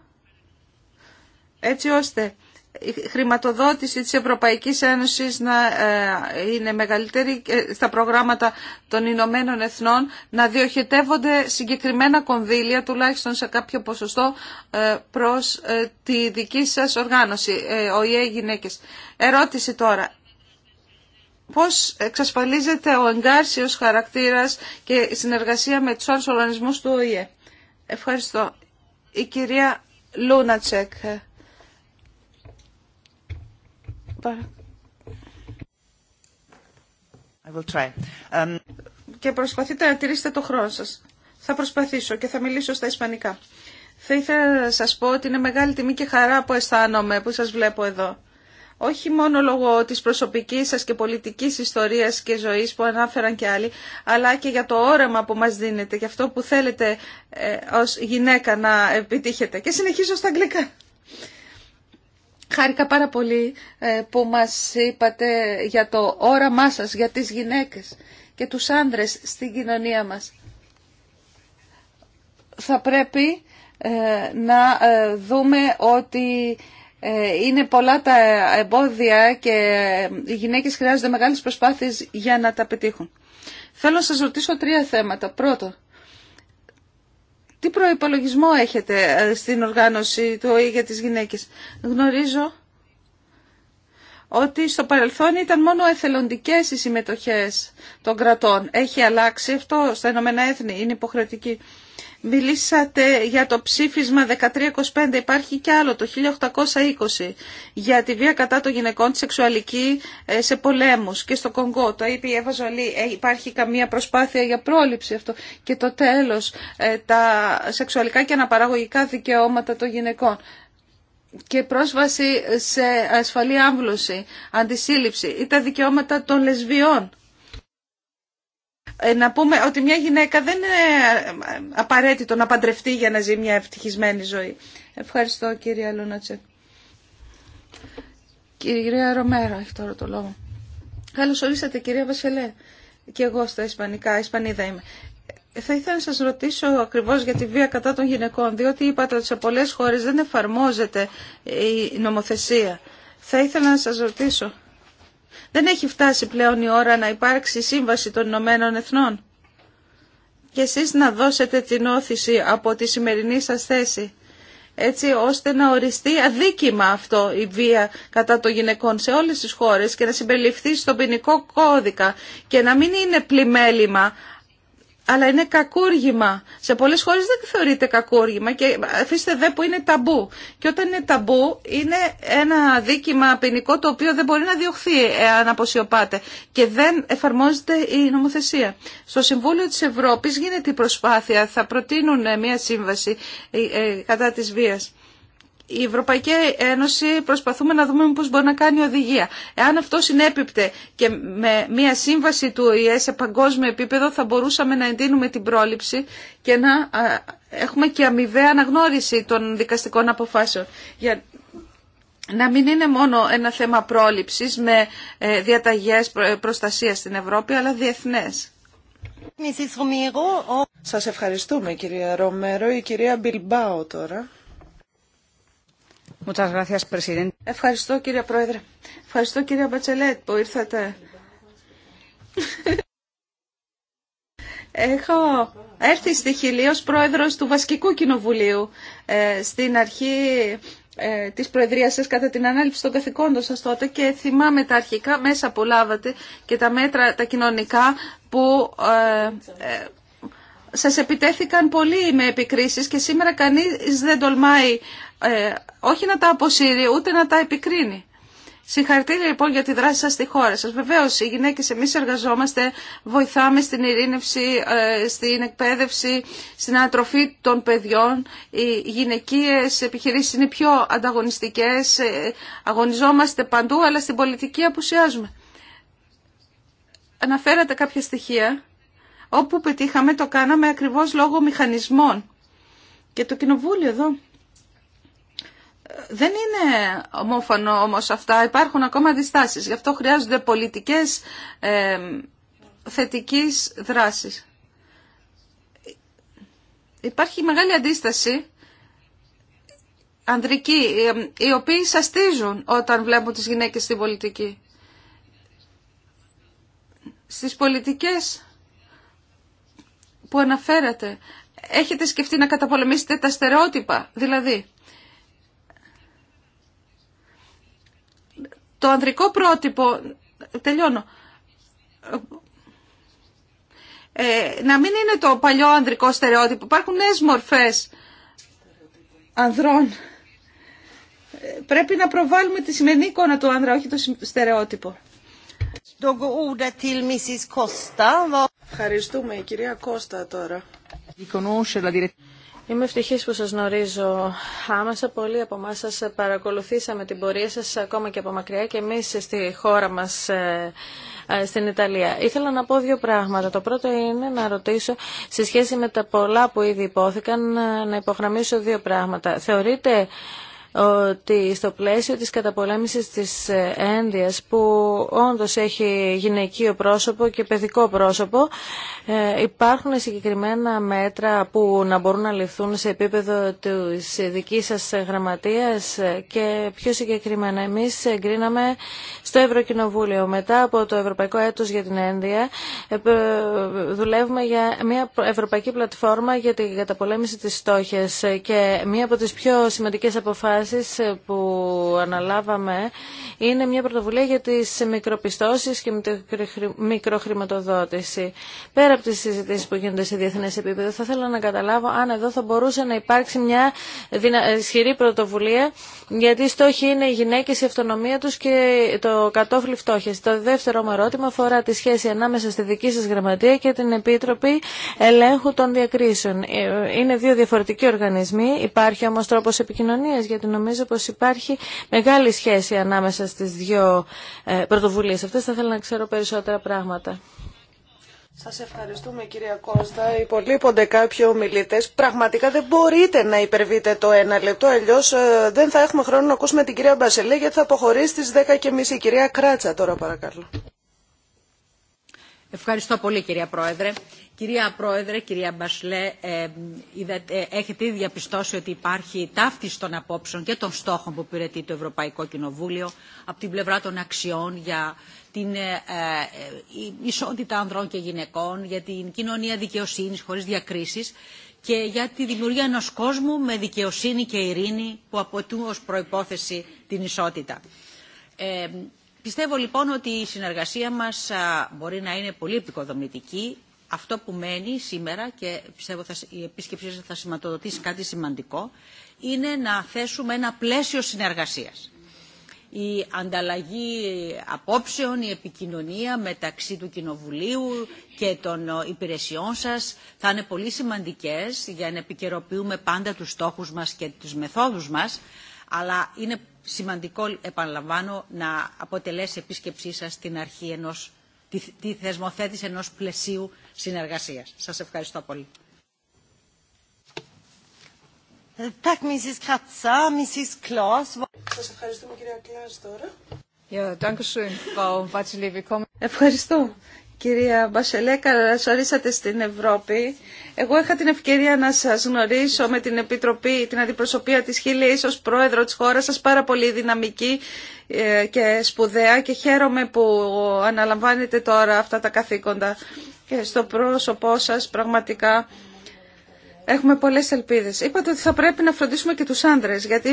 έτσι ώστε η χρηματοδότηση της Ευρωπαϊκής Ένωσης να ε, είναι μεγαλύτερη στα προγράμματα των Ηνωμένων Εθνών, να διοχετεύονται συγκεκριμένα κονδύλια, τουλάχιστον σε κάποιο ποσοστό, ε, προς ε, τη δική σας οργάνωση, ο ΙΕ Γυναίκες. Ερώτηση τώρα πώς εξασφαλίζεται ο εγκάρσιος χαρακτήρας και η συνεργασία με τους άλλους οργανισμούς του ΟΗΕ. Ευχαριστώ. Η κυρία Λούνατσεκ. Um, και προσπαθείτε να τηρήσετε το χρόνο σας. Θα προσπαθήσω και θα μιλήσω στα ισπανικά. Θα ήθελα να σας πω ότι είναι μεγάλη τιμή και χαρά που αισθάνομαι που σας βλέπω εδώ όχι μόνο λόγω της προσωπικής σας και πολιτικής ιστορίας και ζωής που ανάφεραν και άλλοι, αλλά και για το όραμα που μας δίνετε και αυτό που θέλετε ε, ως γυναίκα να επιτύχετε. Και συνεχίζω στα αγγλικά. Χάρηκα πάρα πολύ ε, που μας είπατε για το όραμά σας, για τις γυναίκες και τους άνδρες στην κοινωνία μας. Θα πρέπει ε, να ε, δούμε ότι ε, είναι πολλά τα εμπόδια και οι γυναίκες χρειάζονται μεγάλες προσπάθειες για να τα πετύχουν. Θέλω να σας ρωτήσω τρία θέματα. Πρώτο, τι προϋπολογισμό έχετε ε, στην οργάνωση του ΟΗ για τις γυναίκες. Γνωρίζω ότι στο παρελθόν ήταν μόνο εθελοντικές οι συμμετοχές των κρατών. Έχει αλλάξει αυτό στα Ηνωμένα Έθνη, είναι υποχρεωτική. Μιλήσατε για το ψήφισμα 1325, υπάρχει και άλλο το 1820 για τη βία κατά των γυναικών τη σεξουαλική ε, σε πολέμους και στο Κονγκό. Το είπε η Εύα Ζολή, ε, υπάρχει καμία προσπάθεια για πρόληψη αυτό. Και το τέλος, ε, τα σεξουαλικά και αναπαραγωγικά δικαιώματα των γυναικών και πρόσβαση σε ασφαλή άμβλωση, αντισύλληψη ή τα δικαιώματα των λεσβιών ε, να πούμε ότι μια γυναίκα δεν είναι ε, απαραίτητο να παντρευτεί για να ζει μια ευτυχισμένη ζωή. Ευχαριστώ κυρία Λούνατσε. Κυρία Ρομέρα, έχει τώρα το λόγο. Καλώς ορίσατε κυρία Βασιλέ. Και εγώ στα Ισπανικά, Ισπανίδα είμαι. Θα ήθελα να σας ρωτήσω ακριβώς για τη βία κατά των γυναικών, διότι είπατε ότι σε πολλές χώρες δεν εφαρμόζεται η νομοθεσία. Θα ήθελα να σας ρωτήσω δεν έχει φτάσει πλέον η ώρα να υπάρξει σύμβαση των Ηνωμένων Εθνών. Και εσείς να δώσετε την όθηση από τη σημερινή σας θέση, έτσι ώστε να οριστεί αδίκημα αυτό η βία κατά των γυναικών σε όλες τις χώρες και να συμπεριληφθεί στον ποινικό κώδικα και να μην είναι πλημέλημα, αλλά είναι κακούργημα. Σε πολλές χώρες δεν θεωρείται κακούργημα και αφήστε δε που είναι ταμπού. Και όταν είναι ταμπού είναι ένα δίκημα ποινικό το οποίο δεν μπορεί να διωχθεί εάν αποσιωπάται και δεν εφαρμόζεται η νομοθεσία. Στο Συμβούλιο της Ευρώπης γίνεται η προσπάθεια, θα προτείνουν μια σύμβαση ε, ε, κατά τη βίας η Ευρωπαϊκή Ένωση προσπαθούμε να δούμε πώς μπορεί να κάνει οδηγία. Εάν αυτό συνέπιπτε και με μια σύμβαση του ΟΗΕ σε παγκόσμιο επίπεδο θα μπορούσαμε να εντείνουμε την πρόληψη και να έχουμε και αμοιβαία αναγνώριση των δικαστικών αποφάσεων. Για να μην είναι μόνο ένα θέμα πρόληψης με ε, διαταγές ε, προστασίας στην Ευρώπη, αλλά διεθνές. Σας ευχαριστούμε κυρία Ρομέρο. Η κυρία Μπιλμπάο τώρα. Ευχαριστώ κύριε Πρόεδρε. Ευχαριστώ κύριε Μπατσελέτ που ήρθατε. Έχω έρθει στη Χιλή ως πρόεδρος του Βασκικού Κοινοβουλίου ε, στην αρχή ε, της προεδρίας σας κατά την ανάληψη των καθηκόντων σας τότε και θυμάμαι τα αρχικά μέσα που λάβατε και τα μέτρα τα κοινωνικά που ε, ε σας επιτέθηκαν πολύ με επικρίσεις και σήμερα κανείς δεν τολμάει ε, όχι να τα αποσύρει ούτε να τα επικρίνει. Συγχαρητήρια λοιπόν για τη δράση σας στη χώρα σας. Βεβαίως οι γυναίκες εμείς εργαζόμαστε, βοηθάμε στην ειρήνευση, ε, στην εκπαίδευση, στην ανατροφή των παιδιών. Οι γυναικείες επιχειρήσεις είναι πιο ανταγωνιστικές, ε, αγωνιζόμαστε παντού αλλά στην πολιτική απουσιάζουμε. Αναφέρατε κάποια στοιχεία Όπου πετύχαμε το κάναμε ακριβώς λόγω μηχανισμών. Και το κοινοβούλιο εδώ ε, δεν είναι ομόφανο όμως αυτά. Υπάρχουν ακόμα αντιστάσεις. Γι' αυτό χρειάζονται πολιτικές ε, θετικής δράσης. Υπάρχει μεγάλη αντίσταση ανδρική, ε, οι οποίοι σαστίζουν όταν βλέπουν τις γυναίκες στην πολιτική. Στις πολιτικές που αναφέρατε, έχετε σκεφτεί να καταπολεμήσετε τα στερεότυπα, δηλαδή το ανδρικό πρότυπο, τελειώνω, ε, να μην είναι το παλιό ανδρικό στερεότυπο, υπάρχουν νέες μορφές ανδρών. Πρέπει να προβάλλουμε τη σημερινή εικόνα του άνδρα, όχι το στερεότυπο. Ευχαριστούμε. Η κυρία Κώστα τώρα. Είμαι ευτυχή που σα γνωρίζω άμεσα. Πολλοί από εμά σα παρακολουθήσαμε την πορεία σα ακόμα και από μακριά και εμεί στη χώρα μα ε, ε, στην Ιταλία. Ήθελα να πω δύο πράγματα. Το πρώτο είναι να ρωτήσω σε σχέση με τα πολλά που ήδη υπόθηκαν ε, να υπογραμμίσω δύο πράγματα. Θεωρείτε ότι στο πλαίσιο της καταπολέμησης της ένδυας που όντως έχει γυναικείο πρόσωπο και παιδικό πρόσωπο ε, υπάρχουν συγκεκριμένα μέτρα που να μπορούν να ληφθούν σε επίπεδο της δικής σας γραμματείας και πιο συγκεκριμένα εμείς εγκρίναμε στο Ευρωκοινοβούλιο μετά από το Ευρωπαϊκό Έτος για την Ένδυα ε, δουλεύουμε για μια ευρωπαϊκή πλατφόρμα για την καταπολέμηση της στόχες και μία από τις πιο σημαντικές αποφάσεις ε, που αναλάβαμε είναι μια πρωτοβουλία για τις μικροπιστώσεις και μικροχρηματοδότηση. Πέρα από τις συζητήσεις που γίνονται σε διεθνές επίπεδο, θα ήθελα να καταλάβω αν εδώ θα μπορούσε να υπάρξει μια ισχυρή πρωτοβουλία, γιατί στόχοι είναι οι γυναίκες, η αυτονομία τους και το κατόφλι φτώχειας. Το δεύτερο μου ερώτημα αφορά τη σχέση ανάμεσα στη δική σας γραμματεία και την Επίτροπη Ελέγχου των Διακρίσεων. Ε, ε, είναι δύο διαφορετικοί οργανισμοί, υπάρχει όμως τρόπος επικοινωνίας για την νομίζω πως υπάρχει μεγάλη σχέση ανάμεσα στις δύο ε, πρωτοβουλίες αυτές. Θα ήθελα να ξέρω περισσότερα πράγματα. Σας ευχαριστούμε κυρία Κώστα. Υπολείπονται κάποιοι ομιλητές. Πραγματικά δεν μπορείτε να υπερβείτε το ένα λεπτό, αλλιώ ε, δεν θα έχουμε χρόνο να ακούσουμε την κυρία Μπασελέ γιατί θα αποχωρήσει στις 10.30 η κυρία Κράτσα τώρα παρακαλώ. Ευχαριστώ πολύ κυρία Πρόεδρε. Κυρία Πρόεδρε, κυρία Μπασλέ, ε, έχετε ήδη διαπιστώσει ότι υπάρχει ταύτιση των απόψεων και των στόχων που υπηρετεί το Ευρωπαϊκό Κοινοβούλιο από την πλευρά των αξιών για την ε, ε, ισότητα ανδρών και γυναικών, για την κοινωνία δικαιοσύνης χωρίς διακρίσεις και για τη δημιουργία ενός κόσμου με δικαιοσύνη και ειρήνη που αποτελούν ως προϋπόθεση την ισότητα. Ε, Πιστεύω λοιπόν ότι η συνεργασία μας μπορεί να είναι πολύ επικοδομητική. Αυτό που μένει σήμερα και πιστεύω θα, η επίσκεψή σας θα σηματοδοτήσει κάτι σημαντικό είναι να θέσουμε ένα πλαίσιο συνεργασίας. Η ανταλλαγή απόψεων, η επικοινωνία μεταξύ του Κοινοβουλίου και των ε, υπηρεσιών σας θα είναι πολύ σημαντικές για να επικαιροποιούμε πάντα τους στόχους μας και τους μεθόδους μας αλλά είναι σημαντικό, επαναλαμβάνω, να αποτελέσει επίσκεψή σας την αρχή ενός, τη, τη θεσμοθέτηση ενός πλαισίου συνεργασίας. Σας ευχαριστώ πολύ. Ε, σας ευχαριστούμε κυρία Κλάς τώρα. Ευχαριστώ. Κυρία Μπασελέκα, σα ορίσατε στην Ευρώπη. Εγώ είχα την ευκαιρία να σας γνωρίσω με την Επιτροπή, την Αντιπροσωπεία της Χίλης ως πρόεδρο της χώρας σας, πάρα πολύ δυναμική ε, και σπουδαία και χαίρομαι που αναλαμβάνετε τώρα αυτά τα καθήκοντα και στο πρόσωπό σας πραγματικά Έχουμε πολλές ελπίδες. Είπατε ότι θα πρέπει να φροντίσουμε και τους άντρες, γιατί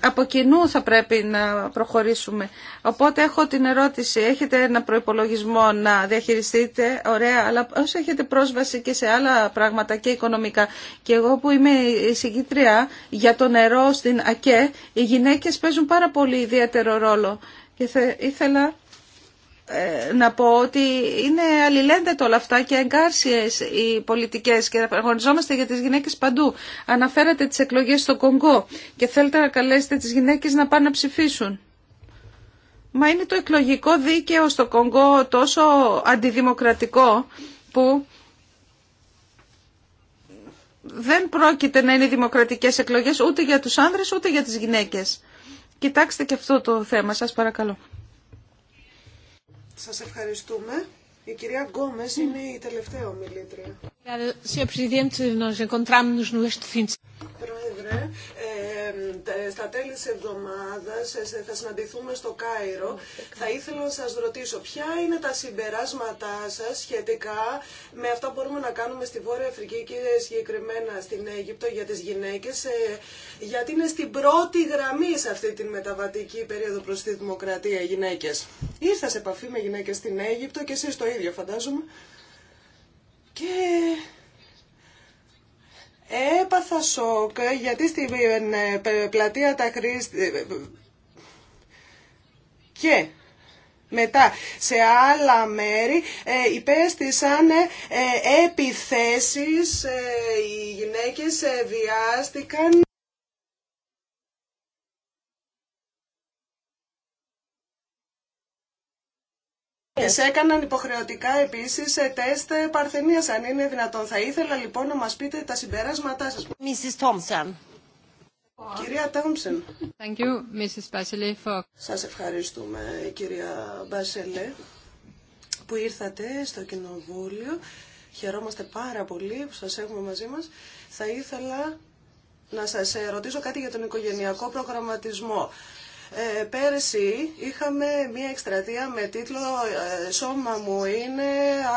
από κοινού θα πρέπει να προχωρήσουμε. Οπότε έχω την ερώτηση, έχετε ένα προϋπολογισμό να διαχειριστείτε, ωραία, αλλά όσο έχετε πρόσβαση και σε άλλα πράγματα και οικονομικά. Και εγώ που είμαι η συγκήτρια για το νερό στην ΑΚΕ, οι γυναίκες παίζουν πάρα πολύ ιδιαίτερο ρόλο. Και ήθελα ε, να πω ότι είναι αλληλένδετο όλα αυτά και εγκάρσιες οι πολιτικές και αγωνιζόμαστε για τις γυναίκες παντού. Αναφέρατε τις εκλογές στο Κονγκό και θέλετε να καλέσετε τις γυναίκες να πάνε να ψηφίσουν. Μα είναι το εκλογικό δίκαιο στο Κονγκό τόσο αντιδημοκρατικό που δεν πρόκειται να είναι δημοκρατικές εκλογές ούτε για τους άνδρες ούτε για τις γυναίκες. Κοιτάξτε και αυτό το θέμα σας παρακαλώ. Σας ευχαριστούμε. Η κυρία Γκόμες είναι η τελευταία ομιλήτρια. Πρόεδρε, στα τέλη της εβδομάδας ε, θα συναντηθούμε στο Κάιρο. Θα ήθελα να σας ρωτήσω ποια είναι τα συμπεράσματά σας σχετικά με αυτά που μπορούμε να κάνουμε στη Βόρεια Αφρική και συγκεκριμένα στην Αίγυπτο για τις γυναίκες ε, γιατί είναι στην πρώτη γραμμή σε αυτή τη μεταβατική περίοδο προς τη δημοκρατία οι γυναίκες. Ήρθα σε επαφή με γυναίκες στην Αίγυπτο και εσείς το ίδιο φαντάζομαι. Και έπαθα σοκ γιατί στην ε, πλατεία τα χρήστη ε, ε, και μετά σε άλλα μέρη ε, υπέστησαν ε, επιθέσεις, οι γυναίκες ε, Σε έκαναν υποχρεωτικά επίσης ε, τεστ ε, Παρθενία αν είναι δυνατόν. Θα ήθελα λοιπόν να μας πείτε τα συμπεράσματά σας. Mrs. Κυρία Τόμψεν. Thank you, Σας ευχαριστούμε, κυρία Μπασελέ, που ήρθατε στο Κοινοβούλιο. Χαιρόμαστε πάρα πολύ που σας έχουμε μαζί μας. Θα ήθελα να σας ε, ρωτήσω κάτι για τον οικογενειακό προγραμματισμό. Ε, πέρσι είχαμε μία εκστρατεία με τίτλο ε, «Σώμα μου είναι,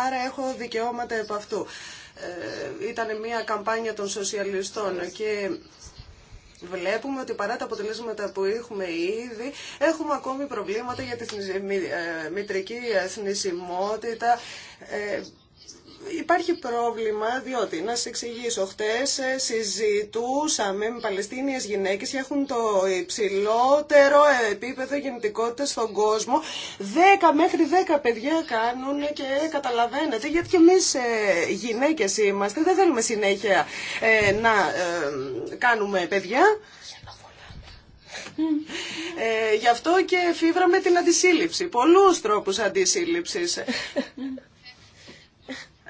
άρα έχω δικαιώματα επ' αυτού». Ε, Ήταν μία καμπάνια των σοσιαλιστών και Βλέπουμε ότι παρά τα αποτελέσματα που έχουμε ήδη, έχουμε ακόμη προβλήματα για τη μητρική εθνισμότητα. Υπάρχει πρόβλημα διότι, να σα εξηγήσω, χτες ε, συζητούσαμε με Παλαιστίνιες γυναίκες και έχουν το υψηλότερο ε, επίπεδο γεννητικότητας στον κόσμο. 10 μέχρι 10 παιδιά κάνουν και καταλαβαίνετε, γιατί και εμείς ε, γυναίκες είμαστε, δεν θέλουμε συνέχεια να κάνουμε παιδιά. Ε, γι' αυτό και φίβραμε την αντισύλληψη, πολλούς τρόπους αντισύλληψης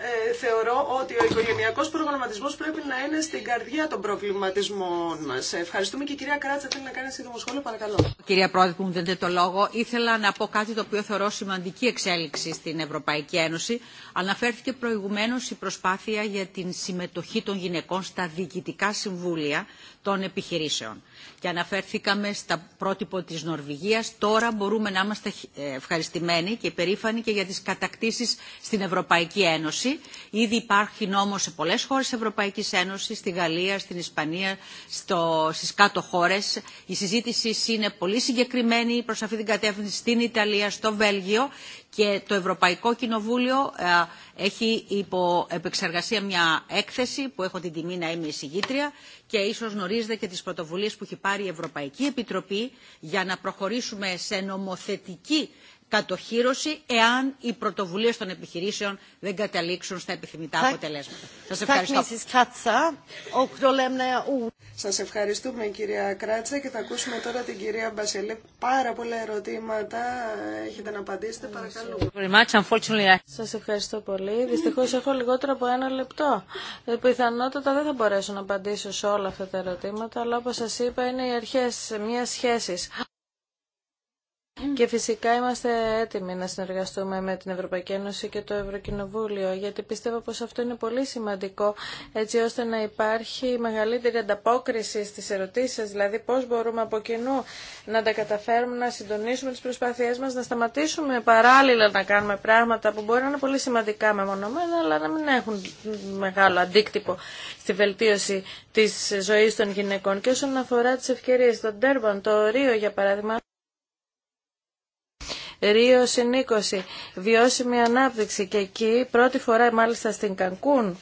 ε, θεωρώ ότι ο οικογενειακός προγραμματισμός πρέπει να είναι στην καρδιά των προβληματισμών μας. Ε, ευχαριστούμε και η κυρία Κράτσα θέλει να κάνει σύντομο σχόλιο, παρακαλώ. Κυρία Πρόεδρε που μου δίνετε το λόγο, ήθελα να πω κάτι το οποίο θεωρώ σημαντική εξέλιξη στην Ευρωπαϊκή Ένωση. Αναφέρθηκε προηγουμένως η προσπάθεια για την συμμετοχή των γυναικών στα διοικητικά συμβούλια των επιχειρήσεων και αναφέρθηκαμε στα πρότυπο της Νορβηγίας, τώρα μπορούμε να είμαστε ε, ευχαριστημένοι και περήφανοι και για τις κατακτήσεις στην Ευρωπαϊκή Ένωση. Ήδη υπάρχει νόμος σε πολλές χώρες Ευρωπαϊκής Ένωσης, στη Γαλλία, στην Ισπανία, στο, στις κάτω χώρες. Η συζήτηση είναι πολύ συγκεκριμένη προς αυτή την κατεύθυνση στην Ιταλία, στο Βέλγιο και το Ευρωπαϊκό Κοινοβούλιο ε, έχει υπό επεξεργασία μια έκθεση που έχω την τιμή να είμαι εισηγήτρια και ίσως γνωρίζετε και τις πρωτοβουλίες που έχει πάρει η Ευρωπαϊκή Επιτροπή για να προχωρήσουμε σε νομοθετική κατοχύρωση εάν οι πρωτοβουλίες των επιχειρήσεων δεν καταλήξουν στα επιθυμητά αποτελέσματα. Σας ευχαριστώ. Σας ευχαριστούμε κυρία Κράτσα και θα ακούσουμε τώρα την κυρία Μπασελέ. Πάρα πολλά ερωτήματα έχετε να απαντήσετε παρακαλώ. Σας ευχαριστώ πολύ. Δυστυχώς έχω λιγότερο από ένα λεπτό. Ε, πιθανότατα δεν θα μπορέσω να απαντήσω σε όλα αυτά τα ερωτήματα αλλά όπως σας είπα είναι οι αρχές μιας σχέσης. Και φυσικά είμαστε έτοιμοι να συνεργαστούμε με την Ευρωπαϊκή Ένωση και το Ευρωκοινοβούλιο, γιατί πιστεύω πως αυτό είναι πολύ σημαντικό, έτσι ώστε να υπάρχει μεγαλύτερη ανταπόκριση στις ερωτήσεις δηλαδή πώς μπορούμε από κοινού να τα καταφέρουμε, να συντονίσουμε τις προσπάθειές μας, να σταματήσουμε παράλληλα να κάνουμε πράγματα που μπορεί να είναι πολύ σημαντικά μεμονωμένα, αλλά να μην έχουν μεγάλο αντίκτυπο στη βελτίωση της ζωής των γυναικών. Και όσον αφορά τις ευκαιρίες, το Ντέρμπαν, το Ρίο για παράδειγμα, Ρίο συν βιώσιμη ανάπτυξη και εκεί πρώτη φορά μάλιστα στην Κανκούν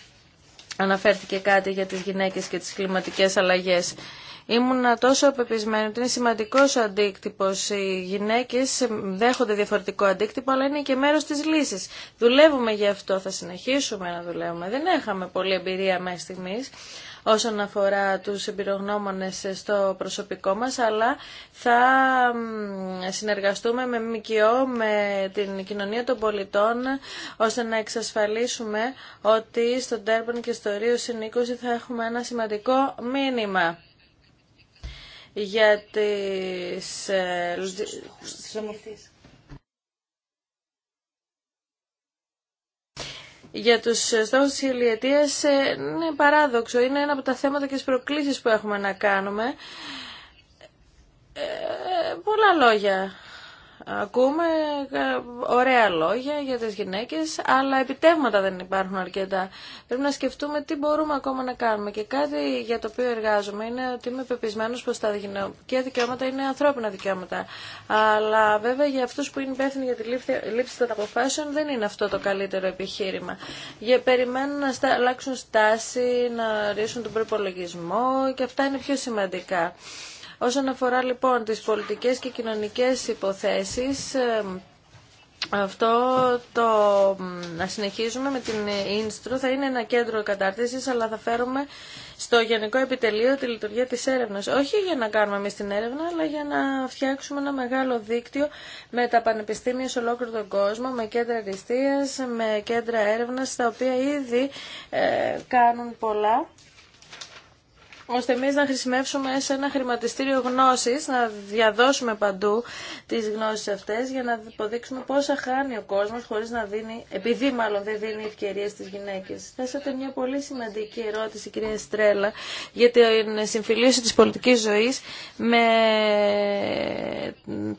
αναφέρθηκε κάτι για τις γυναίκες και τις κλιματικές αλλαγές. Ήμουνα τόσο πεπισμένη ότι είναι σημαντικό ο αντίκτυπο. Οι γυναίκε δέχονται διαφορετικό αντίκτυπο, αλλά είναι και μέρο τη λύση. Δουλεύουμε γι' αυτό, θα συνεχίσουμε να δουλεύουμε. Δεν έχαμε πολλή εμπειρία μέχρι στιγμή όσον αφορά τους εμπειρογνώμονες στο προσωπικό μας, αλλά θα συνεργαστούμε με ΜΚΟ, με την κοινωνία των πολιτών, ώστε να εξασφαλίσουμε ότι στον τέρμπον και στο Ρίο Συνήκωση θα έχουμε ένα σημαντικό μήνυμα για τις... Ε, για τους στόχου τη χιλιετία ε, είναι παράδοξο. Είναι ένα από τα θέματα και τι προκλήσεις που έχουμε να κάνουμε. Ε, πολλά λόγια Ακούμε ε, ωραία λόγια για τις γυναίκες, αλλά επιτεύγματα δεν υπάρχουν αρκετά. Πρέπει να σκεφτούμε τι μπορούμε ακόμα να κάνουμε. Και κάτι για το οποίο εργάζομαι είναι ότι είμαι πεπισμένος πως τα δικαιώματα είναι ανθρώπινα δικαιώματα. Αλλά βέβαια για αυτούς που είναι υπεύθυνοι για τη λήψη των αποφάσεων δεν είναι αυτό το καλύτερο επιχείρημα. Για περιμένουν να αλλάξουν στάση, να ρίσουν τον προπολογισμό και αυτά είναι πιο σημαντικά. Όσον αφορά λοιπόν τις πολιτικές και κοινωνικές υποθέσεις, ε, αυτό το να συνεχίζουμε με την Ίνστρο θα είναι ένα κέντρο κατάρτισης αλλά θα φέρουμε στο Γενικό Επιτελείο τη λειτουργία της έρευνας. Όχι για να κάνουμε εμείς την έρευνα αλλά για να φτιάξουμε ένα μεγάλο δίκτυο με τα πανεπιστήμια σε ολόκληρο τον κόσμο, με κέντρα αριστείας, με κέντρα έρευνας τα οποία ήδη ε, κάνουν πολλά ώστε εμείς να χρησιμεύσουμε σε ένα χρηματιστήριο γνώσης, να διαδώσουμε παντού τις γνώσεις αυτές για να αποδείξουμε πόσα χάνει ο κόσμος χωρίς να δίνει, επειδή μάλλον δεν δίνει ευκαιρίες στις γυναίκες. Θέσατε μια πολύ σημαντική ερώτηση, κυρία Στρέλα, για την συμφιλίωση της πολιτικής ζωής με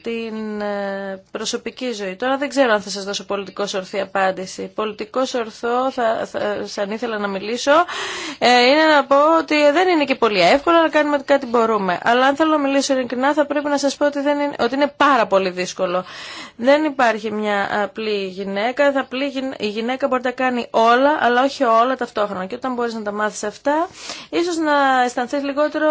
την ε, προσωπική ζωή. Τώρα δεν ξέρω αν θα σας δώσω πολιτικό ορθή απάντηση. Πολιτικό ορθό, θα, θα, σαν ήθελα να μιλήσω, ε, είναι να πω ότι δεν είναι και πολύ εύκολο να κάνουμε κάτι μπορούμε. Αλλά αν θέλω να μιλήσω ειλικρινά θα πρέπει να σας πω ότι, δεν είναι, ότι είναι πάρα πολύ δύσκολο. Δεν υπάρχει μια απλή γυναίκα. Θα απλή, η γυναίκα μπορεί να τα κάνει όλα, αλλά όχι όλα ταυτόχρονα. Και όταν μπορείς να τα μάθεις αυτά, ίσως να αισθανθείς λιγότερο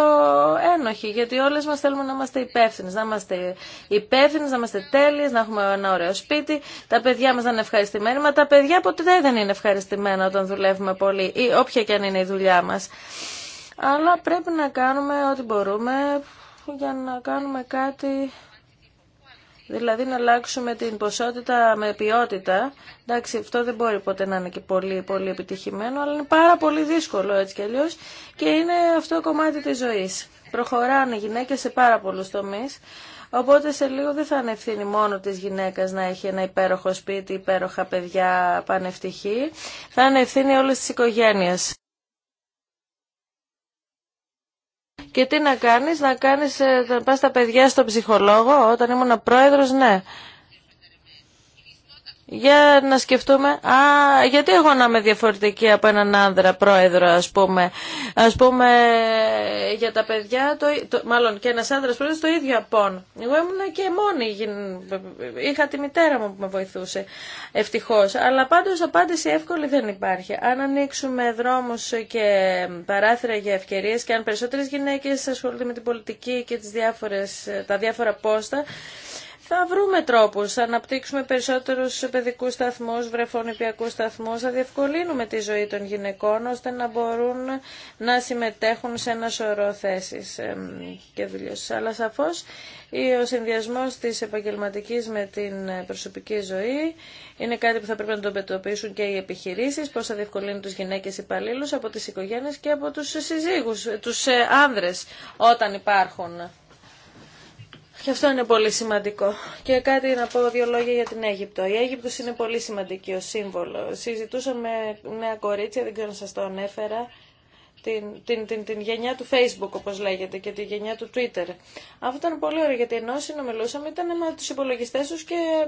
ένοχη. Γιατί όλες μας θέλουμε να είμαστε υπεύθυνε. Να είμαστε υπεύθυνε, να είμαστε τέλειες, να έχουμε ένα ωραίο σπίτι. Τα παιδιά μας να είναι ευχαριστημένοι Μα τα παιδιά ποτέ δεν είναι ευχαριστημένα όταν δουλεύουμε πολύ ή όποια και αν είναι η δουλειά μας αλλά πρέπει να κάνουμε ό,τι μπορούμε για να κάνουμε κάτι Δηλαδή να αλλάξουμε την ποσότητα με ποιότητα. Εντάξει, αυτό δεν μπορεί ποτέ να είναι και πολύ, πολύ επιτυχημένο, αλλά είναι πάρα πολύ δύσκολο έτσι κι αλλιώς και είναι αυτό κομμάτι της ζωής. Προχωράνε οι γυναίκες σε πάρα πολλούς τομείς, οπότε σε λίγο δεν θα είναι ευθύνη μόνο της γυναίκας να έχει ένα υπέροχο σπίτι, υπέροχα παιδιά πανευτυχή, θα είναι ευθύνη όλες τις οικογένειες. Και τι να κάνεις, να κάνεις, ε, να πας τα παιδιά στον ψυχολόγο, όταν ήμουν πρόεδρος, ναι, για να σκεφτούμε α, γιατί εγώ να είμαι διαφορετική από έναν άνδρα πρόεδρο ας πούμε ας πούμε για τα παιδιά το, μάλλον και ένας άνδρας πρόεδρος το ίδιο απόν εγώ ήμουν και μόνη είχα τη μητέρα μου που με βοηθούσε ευτυχώς αλλά πάντως απάντηση εύκολη δεν υπάρχει αν ανοίξουμε δρόμους και παράθυρα για ευκαιρίες και αν περισσότερες γυναίκες ασχολούνται με την πολιτική και τις διάφορες, τα διάφορα πόστα θα βρούμε τρόπους, θα αναπτύξουμε περισσότερους παιδικούς σταθμούς, βρεφονιπιακούς σταθμούς, θα διευκολύνουμε τη ζωή των γυναικών ώστε να μπορούν να συμμετέχουν σε ένα σωρό θέσεις και δουλειές. Αλλά σαφώς ο συνδυασμός της επαγγελματικής με την προσωπική ζωή είναι κάτι που θα πρέπει να το πετωπίσουν και οι επιχειρήσεις, πώς θα διευκολύνουν τους γυναίκες υπαλλήλους από τις οικογένειες και από τους συζύγους, τους ε, άνδρες όταν υπάρχουν. Και αυτό είναι πολύ σημαντικό. Και κάτι να πω δύο λόγια για την Αίγυπτο. Η Αίγυπτος είναι πολύ σημαντική ως σύμβολο. Συζητούσα με νέα κορίτσια, δεν ξέρω να σας το ανέφερα, την, την, την, την γενιά του Facebook όπως λέγεται και τη γενιά του Twitter. Αυτό ήταν πολύ ωραίο γιατί ενώ συνομιλούσαμε ήταν με τους υπολογιστές τους και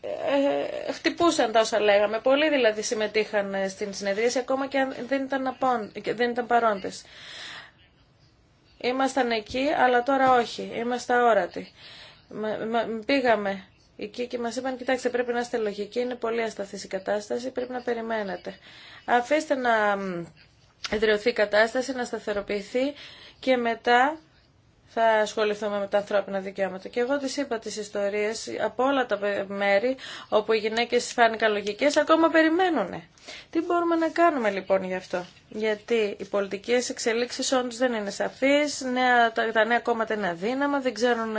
ε, ε, χτυπούσαν τα όσα λέγαμε. Πολλοί δηλαδή συμμετείχαν ε, στην συνεδρίαση ακόμα και αν δεν ήταν, απόν, δεν ήταν παρόντες. Ήμασταν εκεί, αλλά τώρα όχι. Είμαστε αόρατοι. Πήγαμε εκεί και μας είπαν, κοιτάξτε, πρέπει να είστε λογικοί, είναι πολύ ασταθής η κατάσταση, πρέπει να περιμένετε. Αφήστε να εδραιωθεί η κατάσταση, να σταθεροποιηθεί και μετά θα ασχοληθούμε με τα ανθρώπινα δικαιώματα. Και εγώ τις είπα τις ιστορίες από όλα τα μέρη όπου οι γυναίκες φάνηκαν λογικές, ακόμα περιμένουν. Τι μπορούμε να κάνουμε λοιπόν γι' αυτό. Γιατί οι πολιτικές εξελίξεις όντως δεν είναι σαφείς, τα, νέα κόμματα είναι αδύναμα, δεν ξέρουν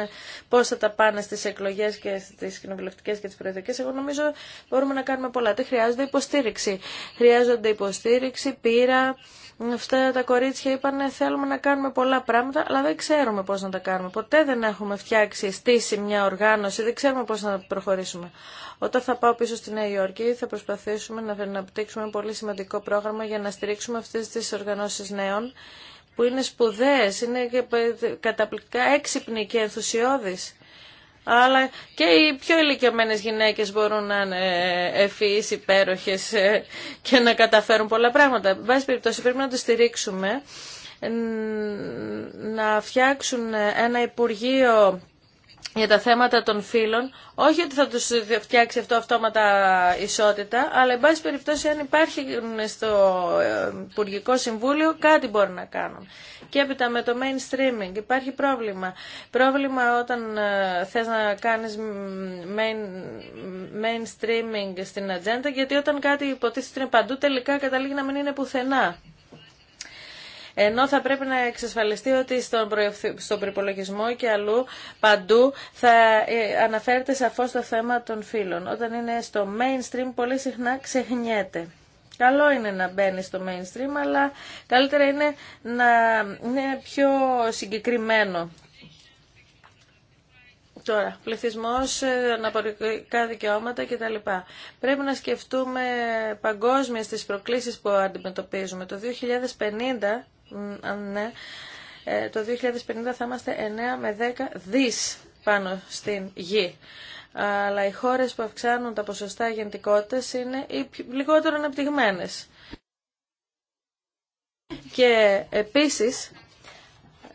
πώς θα τα πάνε στις εκλογές και στις κοινοβουλευτικές και τις προεδρικές. Εγώ νομίζω μπορούμε να κάνουμε πολλά. Τι χρειάζεται υποστήριξη. Χρειάζονται υποστήριξη, πείρα, Αυτά τα κορίτσια είπαν «Ε, θέλουμε να κάνουμε πολλά πράγματα, αλλά δεν ξέρουμε πώς να τα κάνουμε. Ποτέ δεν έχουμε φτιάξει, στήσει μια οργάνωση, δεν ξέρουμε πώς να προχωρήσουμε. Όταν θα πάω πίσω στη Νέα Υόρκη θα προσπαθήσουμε να αναπτύξουμε ένα πολύ σημαντικό πρόγραμμα για να στηρίξουμε αυτές τις οργανώσεις νέων που είναι σπουδαίες, είναι καταπληκτικά έξυπνοι και ενθουσιώδεις αλλά και οι πιο ηλικιωμένε γυναίκες μπορούν να είναι ε, ευφυεί, υπέροχε ε, και να καταφέρουν πολλά πράγματα. Εν πάση περιπτώσει πρέπει να το στηρίξουμε ε, να φτιάξουν ένα Υπουργείο για τα θέματα των φίλων, όχι ότι θα τους φτιάξει αυτό αυτόματα ισότητα, αλλά εν πάση περιπτώσει αν υπάρχει στο ε, Υπουργικό Συμβούλιο κάτι μπορεί να κάνουν. Και έπειτα με το mainstreaming υπάρχει πρόβλημα. Πρόβλημα όταν ε, θες να κάνεις main, mainstreaming στην ατζέντα, γιατί όταν κάτι υποτίθεται είναι παντού τελικά καταλήγει να μην είναι πουθενά. Ενώ θα πρέπει να εξασφαλιστεί ότι στον προπολογισμό και αλλού παντού θα ε, αναφέρεται σαφώς το θέμα των φύλων. Όταν είναι στο mainstream πολύ συχνά ξεχνιέται. Καλό είναι να μπαίνει στο mainstream, αλλά καλύτερα είναι να είναι πιο συγκεκριμένο. Τώρα, πληθυσμός, ε, αναπορικά δικαιώματα κτλ. Πρέπει να σκεφτούμε παγκόσμια στις προκλήσεις που αντιμετωπίζουμε. Το 2050 αν ναι, ε, το 2050 θα είμαστε 9 με 10 δις πάνω στην γη. Αλλά οι χώρες που αυξάνουν τα ποσοστά γεννητικότητας είναι οι λιγότερο αναπτυγμένες. Και επίσης,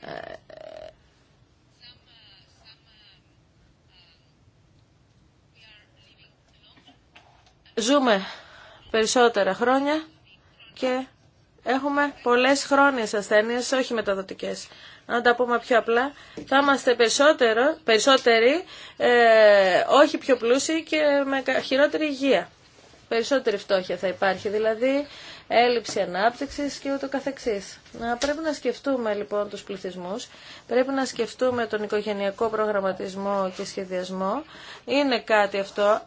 ε, ζούμε περισσότερα χρόνια και Έχουμε πολλές χρόνιες ασθένειες, όχι μεταδοτικές. Να τα πούμε πιο απλά, θα είμαστε περισσότερο, περισσότεροι, ε, όχι πιο πλούσιοι και με χειρότερη υγεία. Περισσότερη φτώχεια θα υπάρχει, δηλαδή έλλειψη ανάπτυξη και ούτω καθεξής. Να, πρέπει να σκεφτούμε λοιπόν τους πληθυσμού. πρέπει να σκεφτούμε τον οικογενειακό προγραμματισμό και σχεδιασμό. Είναι κάτι αυτό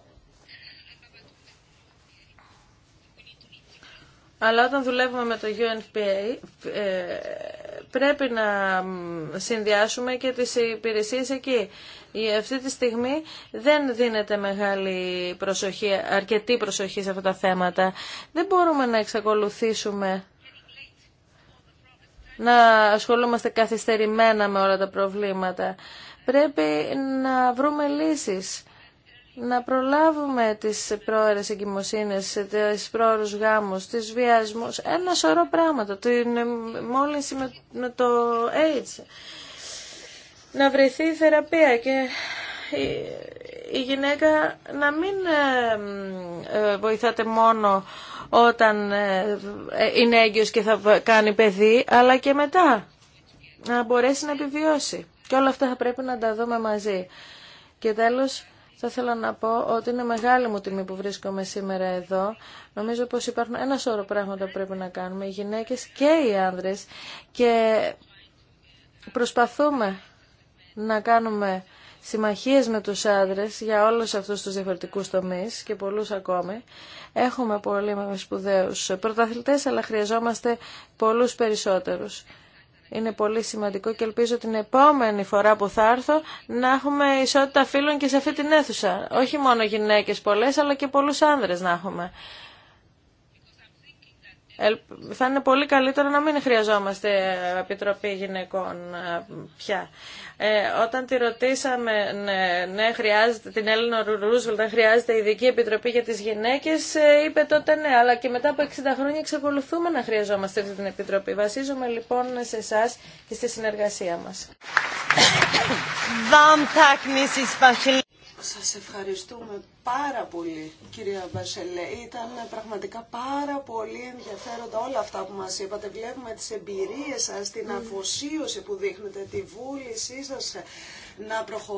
αλλά όταν δουλεύουμε με το UNPA ε, πρέπει να συνδυάσουμε και τις υπηρεσίες εκεί. Αυτή τη στιγμή δεν δίνεται μεγάλη προσοχή, αρκετή προσοχή σε αυτά τα θέματα. Δεν μπορούμε να εξακολουθήσουμε να ασχολούμαστε καθυστερημένα με όλα τα προβλήματα. Πρέπει να βρούμε λύσεις να προλάβουμε τις πρόερες εγκυμοσύνες, τις πρόορους γάμους, τις βιασμούς, ένα σωρό πράγματα, την μόλυνση με, με το AIDS, να βρεθεί θεραπεία και η, γυναίκα να μην ε, ε βοηθάτε μόνο όταν ε, είναι έγκυος και θα κάνει παιδί, αλλά και μετά να μπορέσει να επιβιώσει. Και όλα αυτά θα πρέπει να τα δούμε μαζί. Και τέλος, θα ήθελα να πω ότι είναι μεγάλη μου τιμή που βρίσκομαι σήμερα εδώ. Νομίζω πως υπάρχουν ένα σώρο πράγματα που πρέπει να κάνουμε, οι γυναίκες και οι άνδρες και προσπαθούμε να κάνουμε συμμαχίες με τους άνδρες για όλους αυτούς τους διαφορετικούς τομείς και πολλούς ακόμη. Έχουμε πολύ σπουδαίους πρωταθλητές, αλλά χρειαζόμαστε πολλούς περισσότερους είναι πολύ σημαντικό και ελπίζω την επόμενη φορά που θα έρθω να έχουμε ισότητα φίλων και σε αυτή την αίθουσα. Όχι μόνο γυναίκες πολλές, αλλά και πολλούς άνδρες να έχουμε θα είναι πολύ καλύτερο να μην χρειαζόμαστε επιτροπή γυναικών ε, πια. Ε, όταν τη ρωτήσαμε, ναι, ναι χρειάζεται την Έλληνα Ρούσβελ, δεν χρειάζεται ειδική επιτροπή για τις γυναίκες, ε, είπε τότε ναι, αλλά και μετά από 60 χρόνια εξακολουθούμε να χρειαζόμαστε αυτή την επιτροπή. Βασίζομαι λοιπόν σε εσά και στη συνεργασία μας. Σας ευχαριστούμε πάρα πολύ, κυρία Μπασελέ. Ήταν πραγματικά πάρα πολύ ενδιαφέροντα όλα αυτά που μας είπατε. Βλέπουμε τις εμπειρίες σας, την αφοσίωση που δείχνετε, τη βούλησή σας να προχωρήσετε